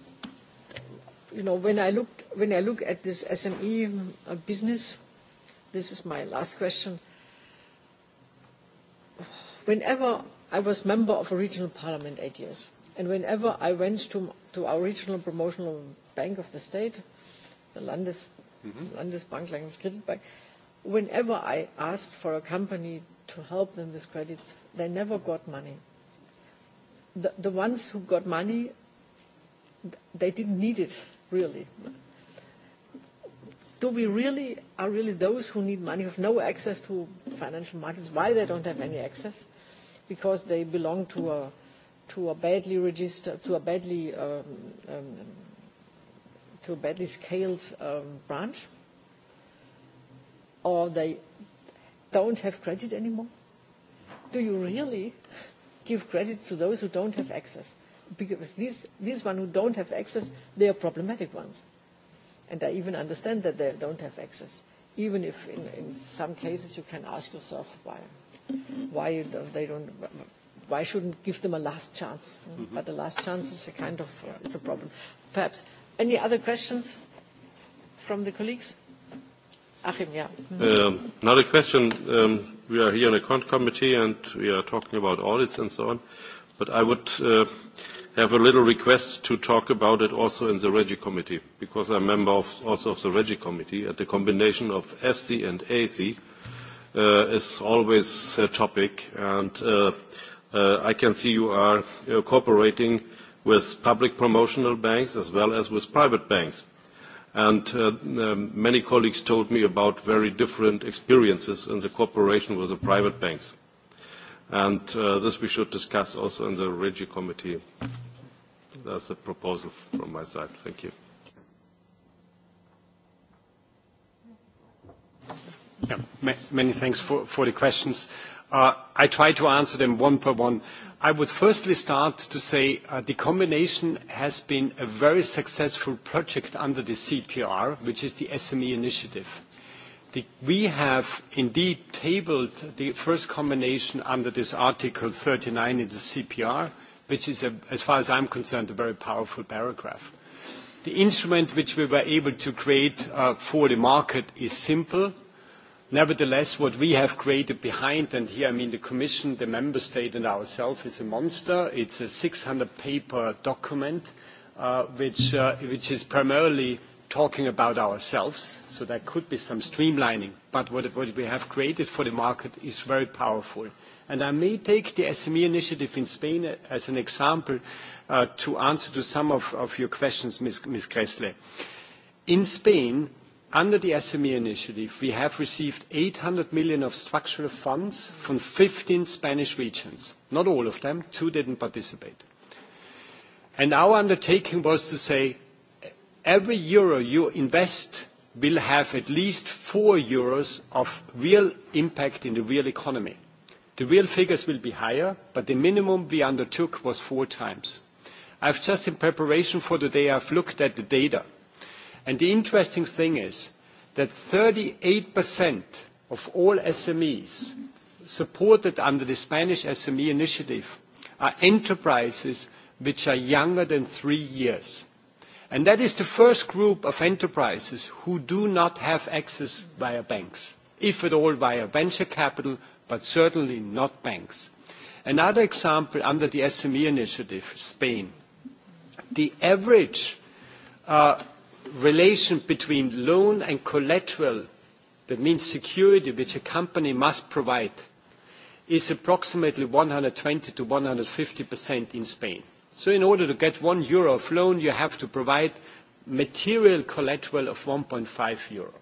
you know, when I, looked, when I look at this SME uh, business, this is my last question. Whenever I was member of a regional parliament eight years, and whenever I went to, to our regional promotional bank of the state, the Landes, mm-hmm. Landesbank, Landeskreditbank, whenever I asked for a company to help them with credits, they never got money. The, the ones who got money, they didn't need it, really. Do we really, are really those who need money, who have no access to financial markets, why they don't have any access? Because they belong to a, to a badly registered, to a badly um, um, to a badly scaled um, branch, or they don't have credit anymore? Do you really give credit to those who don't have access? Because these, these ones who don't have access, they are problematic ones. And I even understand that they don't have access, even if in, in some cases you can ask yourself why, why you, they don't, why shouldn't give them a last chance? Mm-hmm. But the last chance is a kind of, uh, it's a problem. Perhaps Any other questions from the colleagues? Achim, yeah. Um, now the question, um, we are here in a CONT committee and we are talking about audits and so on, but I would uh, have a little request to talk about it also in the Regi committee, because I'm a member of, also of the Regi committee, and the combination of FC and AC uh, is always a topic, and uh, uh, I can see you are uh, cooperating uh, with public promotional banks as well as with private banks. And uh, um, many colleagues told me about very different experiences in the cooperation with the private banks. And uh, this we should discuss also in the Regi Committee. That's a proposal from my side. Thank you. Yeah, ma many thanks for, for the questions. Uh, I try to answer them one by one. Uh, I would firstly start to say uh, the combination has been a very successful project under the CPR, which is the SME initiative. The, we have indeed tabled the first combination under this Article 39 in the CPR, which is, a, uh, as far as I'm concerned, a very powerful paragraph. The instrument which we were able to create uh, for the market is simple Nevertheless, what we have created behind, and here I mean the Commission, the Member State and ourselves, is a monster. It's a 600-paper document, uh, which, uh, which is primarily talking about ourselves, so there could be some streamlining. But what, what we have created for the market is very powerful. And I may take the SME initiative in Spain as an example uh, to answer to some of, of your questions, Ms. Ms. Gräßle. In Spain, Under the SME initiative, we have received 800 million of structural funds from 15 Spanish regions. Not all of them, two didn't participate. And our undertaking was to say, every euro you invest will have at least 4 euros of real impact in the real economy. The real figures will be higher, but the minimum we undertook was 4 times. I've just in preparation for today, I've looked at the data. And the interesting thing is that 38% of all SMEs supported under the Spanish SME initiative are enterprises which are younger than three years. And that is the first group of enterprises who do not have access via banks, if at all via venture capital, but certainly not banks. Another example under the SME initiative, Spain. The average uh, relation between loan and collateral, that means security which a company must provide, is approximately 120%-150% in Spain. So in order to get 1 euro of loan, you have to provide material collateral of 1.5 euro.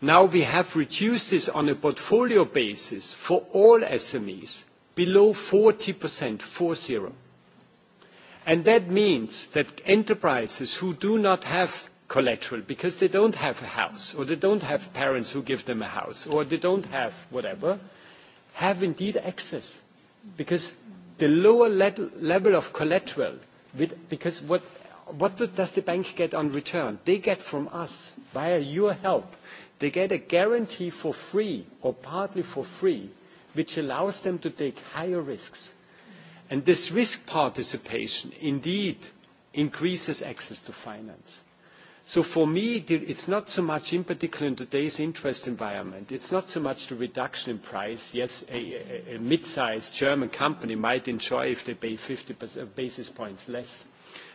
Now we have reduced this on a portfolio basis for all SMEs below 40%, 40. And that means that enterprises who do not have collateral because they don't have a house or they don't have parents who give them a house or they don't have whatever have indeed access because the lower level of collateral with, because what what does the bank get on return? They get from us, via your help, they get a guarantee for free or partly for free, which allows them to take higher risks. And this risk participation indeed increases access to finance. So for me, it's not so much, in particular in today's interest environment, it's not so much the reduction in price. Yes, a, a, a mid-sized German company might enjoy if they pay 50 uh, basis points less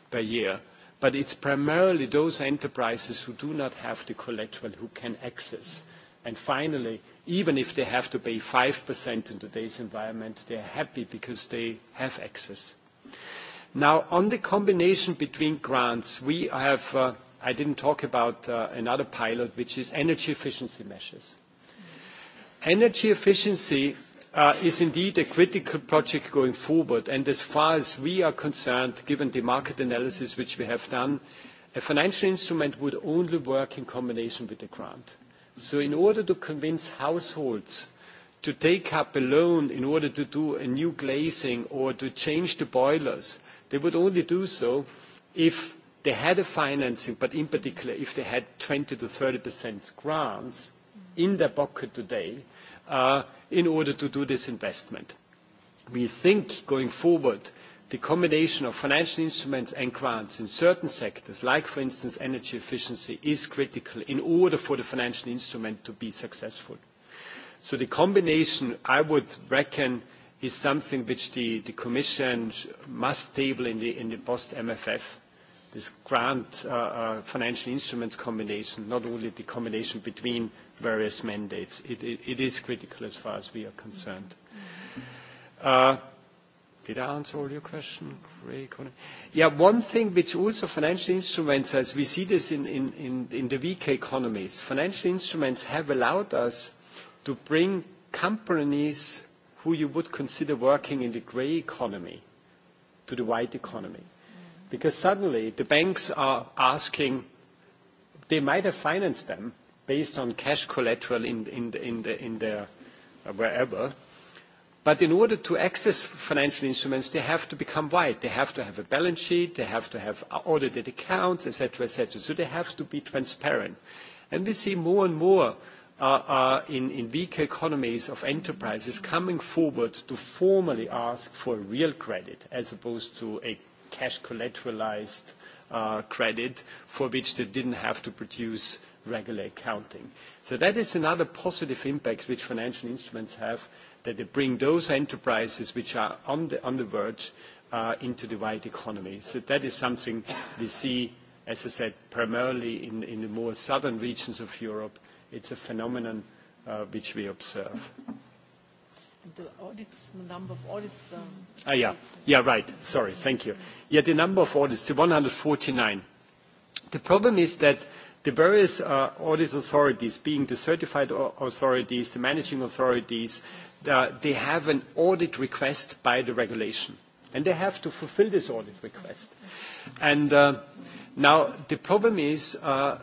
per year. But it's primarily those enterprises who do not have the collateral who can access. And finally, even if they have to pay 5% in today's environment, they're happy because they have access. Now, on the combination between grants, we have, uh, I didn't talk about uh, another pilot, which is energy efficiency measures. Energy efficiency uh, is indeed a critical project going forward, and as far as we are concerned, given the market analysis which we have done, a financial instrument would only work in combination with a grant. So in order to convince households to take up a loan in order to do a new glazing or to change the boilers, they would only do so if they had a financing, but in particular if they had 20%-30% grants in their pocket today uh, in order to do this investment. We think going forward the combination of financial instruments and grants in certain sectors, like for instance energy efficiency, is critical in order for the financial instrument to be successful. So the combination, I would reckon, is something which the, the Commission must table in the, in the post-MFF, this grant uh, uh, financial instruments combination, not only the combination between various mandates. It, it, it is critical as far as we are concerned. Uh, Did I answer all your question, Ray? Yeah, one thing which also financial instruments, as we see this in, in, in the weak economies, financial instruments have allowed us to bring companies who you would consider working in the gray economy to the white economy. Because suddenly the banks are asking, they might have financed them based on cash collateral in, in, in, the, in their uh, wherever, But in order to access financial instruments, they have to become wide. They have to have a balance sheet, they have to have audited accounts, et cetera, et cetera. So they have to be transparent. And we see more and more uh, uh, in, in weaker economies of enterprises coming forward to formally ask for real credit as opposed to a cash collateralized uh, credit for which they didn't have to produce regular accounting. So that is another positive impact which financial instruments have that they bring those enterprises which are on the, on the verge uh, into the wide economy. So that is something we see, as I said, primarily in, in the more southern regions of Europe. It's a phenomenon uh, which we observe. The audits, the number of audits. The ah, yeah. Yeah, right. Sorry. Thank you. Yeah, the number of audits, the 149. The problem is that the various uh, audit authorities, being the certified authorities, the managing authorities, uh, they have an audit request by the regulation. And they have to fulfill this audit request. And uh, now the problem is uh,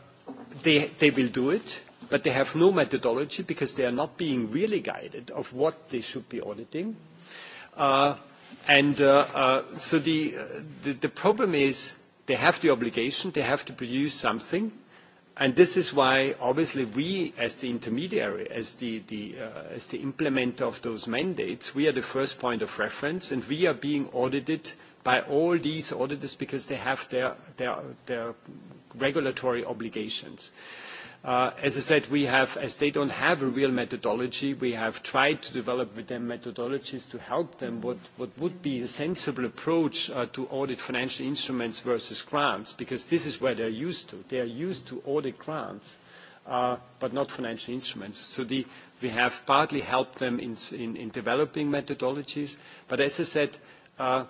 they, they will do it, but they have no methodology because they are not being really guided of what they should be auditing. Uh, and uh, uh, so the, uh, the, the problem is they have the obligation, they have to produce something, And this is why, obviously, we, as the intermediary, as the, the, uh, as the implementer of those mandates, we are the first point of reference, and we are being audited by all these auditors because they have their, their, their regulatory obligations. Uh, Uh, as I said, we have, as they don't have a real methodology, we have tried to develop with them methodologies to help them what, what would be a sensible approach uh, to audit financial instruments versus grants, because this is where they're used to. They are used to audit grants, uh, but not financial instruments. So the, we have partly helped them in, in, in developing methodologies. But as I said, uh,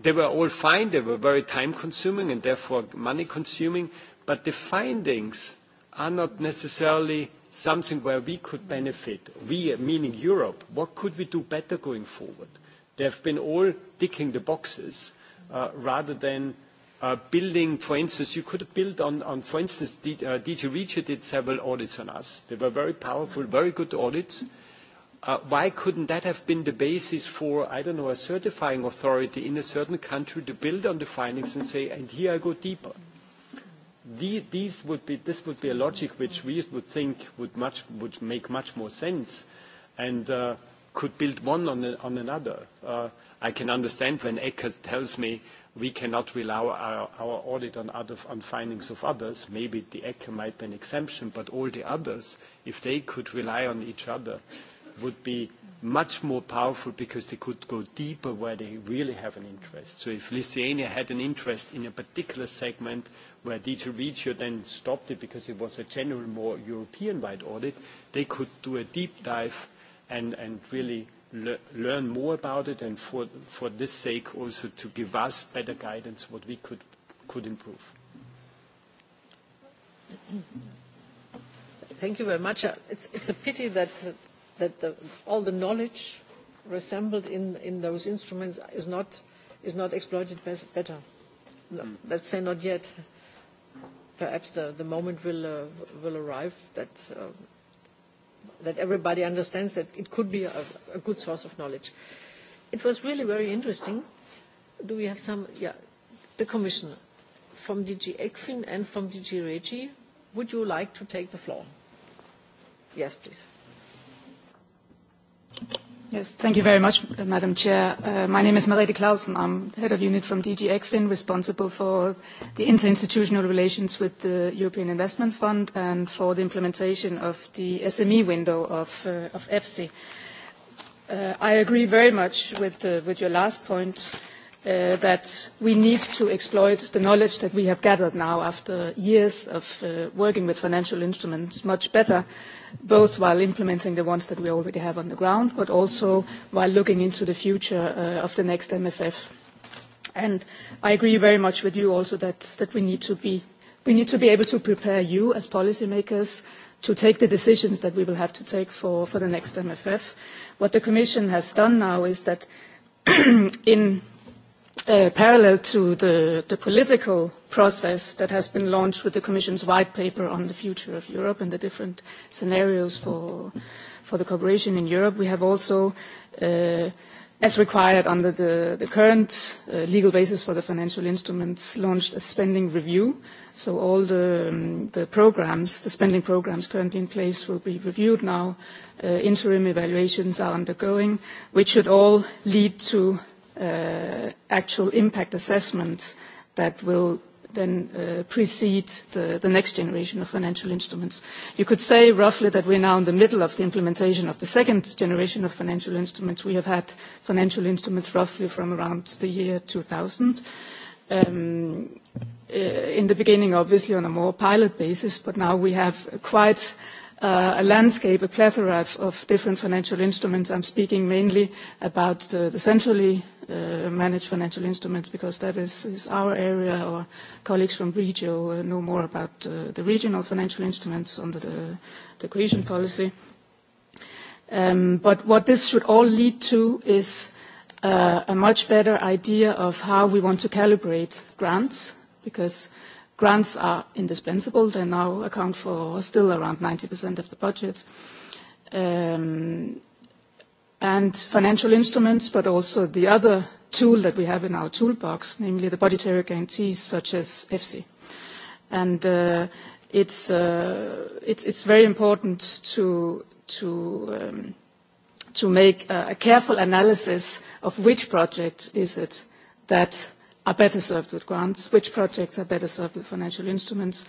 they were all fine. They were very time-consuming and therefore money-consuming. But the findings are not necessarily something where we could benefit. We, meaning Europe, what could we do better going forward? They have been all ticking the boxes uh, rather than uh, building, for instance, you could build on, on for instance, D, uh, DG Regio did several audits on us. They were very powerful, very good audits. Uh, why couldn't that have been the basis for, I don't know, a certifying authority in a certain country to build on the findings and say, and here I go deeper? Mm-hmm the, these would be, this would be a logic which we would think would, much, would make much more sense and uh, could build one on, the, on another. Uh, I can understand when Eckert tells me we cannot rely our, our audit on, other, on findings of others. Maybe the ECHA might be an exemption, but all the others, if they could rely on each other, would be much more powerful because they could go deeper where they really have an interest. So if Lithuania had an interest in a particular segment, where DG Regio then stopped it because it was a general, more European-wide audit, they could do a deep dive and, and really le learn more about it and for, for this sake also to give us better guidance what we could, could improve. Thank you very much. Uh, it's, it's a pity that, that the, all the knowledge resembled in, in those instruments is not, is not exploited best, better. No, mm. Let's say not yet perhaps the, the moment will, uh, will arrive that, uh, that everybody understands that it could be a, a good source of knowledge. It was really very interesting. Do we have some? Yeah, the Commissioner from DG ECFIN and from DG REGI. Would you like to take the floor? Yes, please. Yes, thank you very much, Madam Chair. Uh, my name is Merete Clausen. I'm head of unit from DG ECFIN, responsible for the interinstitutional relations with the European Investment Fund and for the implementation of the SME window of, uh, of EFSI. Uh, I agree very much with, uh, with your last point uh, that we need to exploit the knowledge that we have gathered now after years of uh, working with financial instruments much better. Uh, both while implementing the ones that we already have on the ground, but also while looking into the future uh, of the next MFF. And I agree very much with you also that, that we, need to be, we need to be able to prepare you as policymakers to take the decisions that we will have to take for, for the next MFF. What the Commission has done now is that in uh, parallel to the, the political process that has been launched with the Commission's white paper on the future of Europe and the different scenarios for, for the cooperation in Europe, we have also, uh, as required under the, the current uh, legal basis for the financial instruments, launched a spending review. So all the, um, the programs, the spending programs currently in place will be reviewed now. Uh, interim evaluations are undergoing, which should all lead to uh, actual impact assessments that will then uh, precede the, the next generation of financial instruments. You could say roughly that we're now in the middle of the implementation of the second generation of financial instruments. We have had financial instruments roughly from around the year 2000. Um, uh, in the beginning, obviously, on a more pilot basis, but now we have quite Uh, a landscape, a plethora of, of different financial instruments. I'm speaking mainly about the, the centrally uh, manage financial instruments because that is, is our area. Our colleagues from Regio uh, know more about uh, the regional financial instruments under the, the cohesion policy. Um, but what this should all lead to is uh, a much better idea of how we want to calibrate grants because grants are indispensable. They now account for still around 90% of the budget. Um, and financial instruments, but also the other tool that we have in our toolbox, namely the budgetary guarantees such as EFSI. And uh, it's, uh, it's, it's very important to, to, um, to make a, a careful analysis of which project is it that are better served with grants, which projects are better served with financial instruments,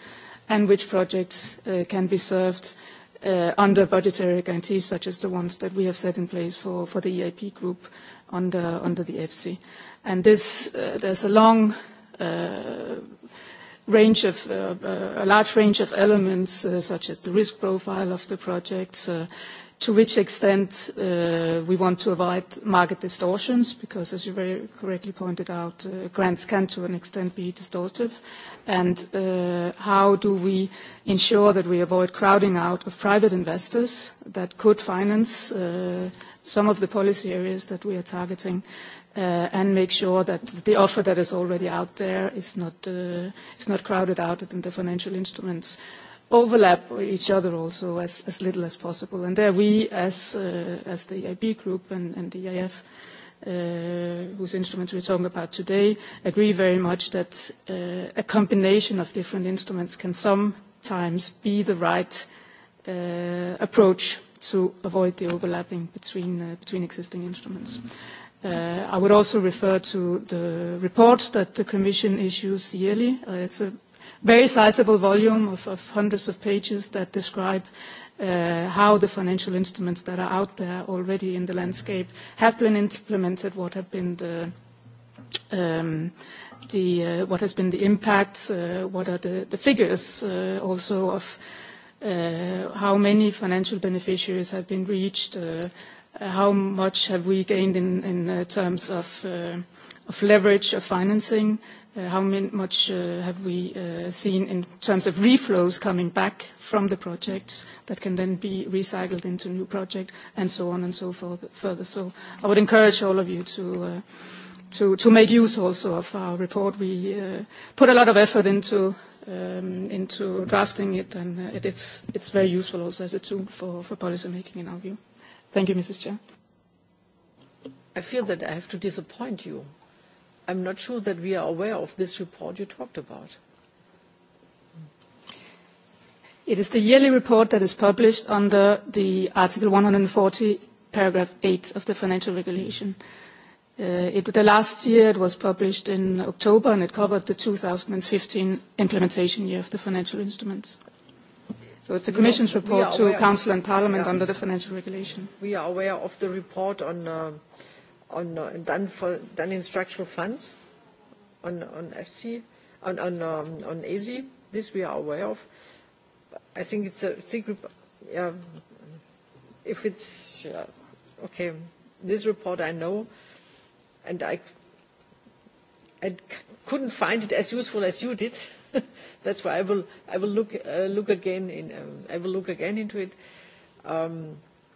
and which projects uh, can be served uh, uh, under budgetary guarantees such as the ones that we have set in place for, for the EIP group under, under the EFSI. And this, uh, there's a long uh, range of uh, uh, a large range of elements uh, such as the risk profile of the projects, uh, to which extent uh, we want to avoid market distortions, because as you very correctly pointed out, uh, grants can, to an extent, be distortive. And uh, how do we ensure that we avoid crowding out of private investors that could finance uh, some of the policy areas that we are targeting, uh, and make sure that the offer that is already out there is not, uh, is not crowded out in the financial instruments? overlap each other also as, as little as possible. And there we, as, uh, as the EIB group and, and the EIF, uh, whose instruments we're talking about today, agree very much that uh, a combination of different instruments can sometimes be the right uh, approach to avoid the overlapping between, uh, between existing instruments. Uh, I would also refer to the report that the Commission issues yearly. Uh, it's a very sizable volume of, of hundreds of pages that describe uh, how the financial instruments that are out there already in the landscape have been implemented, what have been the um, the uh, what has been the impact, uh, what are the, the figures uh, also of uh, how many financial beneficiaries have been reached, uh, how much have we gained in, in uh, terms of, uh, of leverage of financing, uh, Uh, how much uh, have we uh, seen in terms of reflows coming back from the projects that can then be recycled into new project, and so on and so forth further. So I would encourage all of you to, uh, to, to make use also of our report. We uh, put a lot of effort into, um, into drafting it, and uh, it, it's, it's very useful also as a tool for, for policymaking, in our view. Thank you, Mrs. Chair. I feel that I have to disappoint you. I'm not sure that we are aware of this report you talked about. It is the yearly report that is published under the Article 140, paragraph 8 of the financial regulation. Uh, it, the last year it was published in October and it covered the 2015 implementation year of the financial instruments. So it's a Commission's report to Council and Parliament yeah. under the financial regulation. We are aware of the report on uh, on then for then in structural funds on on FC, on on um, on ESI. This we are aware of. I think it's a think yeah, if it's yeah, okay, this report I know, and I I couldn't find it as useful as you did. That's why I will I will look uh, look again in um, I will look again into it. Um,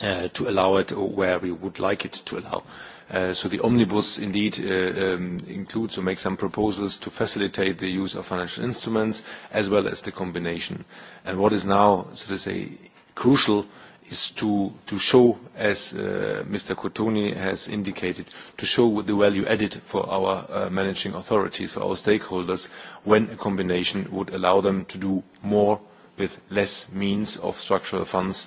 uh, to allow it where we would like it to allow. Uh, so the omnibus indeed uh, um, includes or makes some proposals to facilitate the use of financial instruments as well as the combination. And what is now, so to say, crucial is to, to show, as uh, Mr. Cotoni has indicated, to show the value added for our uh, managing authorities, for our stakeholders, when a combination would allow them to do more with less means of structural funds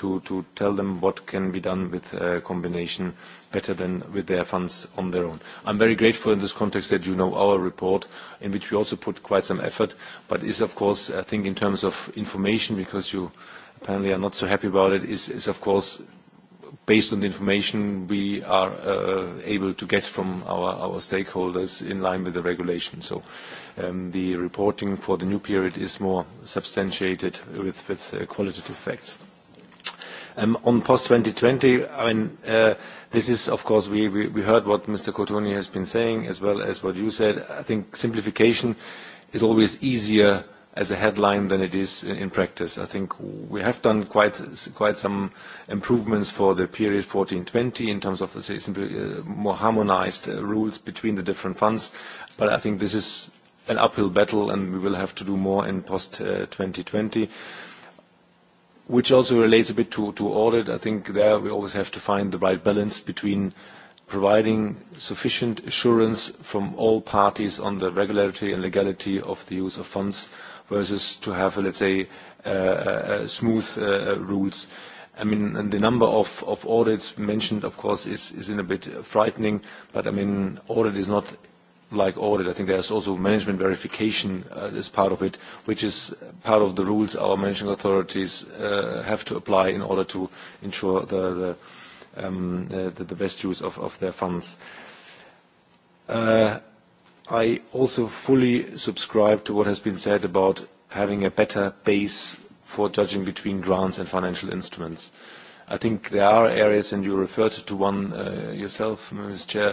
to, to tell them what can be done with uh, combination better than with their funds on their own. I'm very grateful in this context that you know our report, in which we also put quite some effort, but is of course, I think in terms of information, because you apparently are not so happy about it, is, is of course based on the information we are uh, able to get from our, our stakeholders in line with the regulation. So um, the reporting for the new period is more substantiated with, with uh, qualitative facts. Um, on post-2020, I mean, uh, this is, of course, we, we, we heard what Mr. Cotoni has been saying as well as what you said. I think simplification is always easier as a headline than it is in practice. I think we have done quite, quite some improvements for the period 2014-2020 in terms of, let's say, simply uh, more harmonized uh, rules between the different funds. But I think this is an uphill battle, and we will have to do more in post-2020. Uh, which also relates a bit to, to audit. I think there we always have to find the right balance between providing sufficient assurance from all parties on the regularity and legality of the use of funds versus to have, let's say, uh, uh, uh smooth uh, uh, rules. I mean, the number of, of audits mentioned, of course, is, is in a bit frightening, but I mean, audit is not like audit, I think there's also management verification uh, as part of it, which is part of the rules our managing authorities uh, have to apply in order to ensure the, the, um, the, the best use of, of their funds. Uh, I also fully subscribe to what has been said about having a better base for judging between grants and financial instruments. I think there are areas, and you referred to one uh, yourself, Ms. Chair, uh,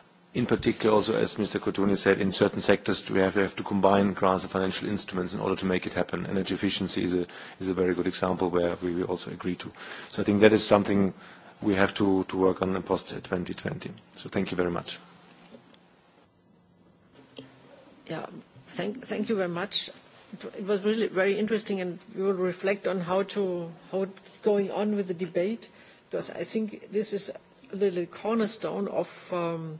in particular also, as Mr. Cotoni said, in certain sectors we have, we have to combine grants and financial instruments in order to make it happen. Energy efficiency is a, is a very good example where we, we also agree to. So I think that is something we have to, to work on in post-2020. So thank you very much. Yeah, thank, thank you very much. It was really very interesting and we will reflect on how to, how going on with the debate because I think this is the cornerstone of um,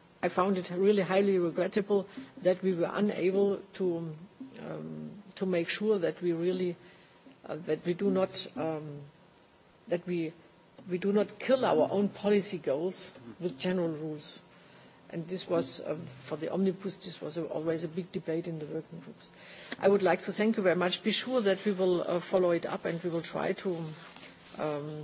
I found it really highly regrettable that we were unable to, um, to make sure that we really uh, that we do not um, that we, we do not kill our own policy goals with general rules. And this was, um, for the omnibus, this was a, always a big debate in the working groups. I would like to thank you very much. Be sure that we will uh, follow it up and we will try to, um,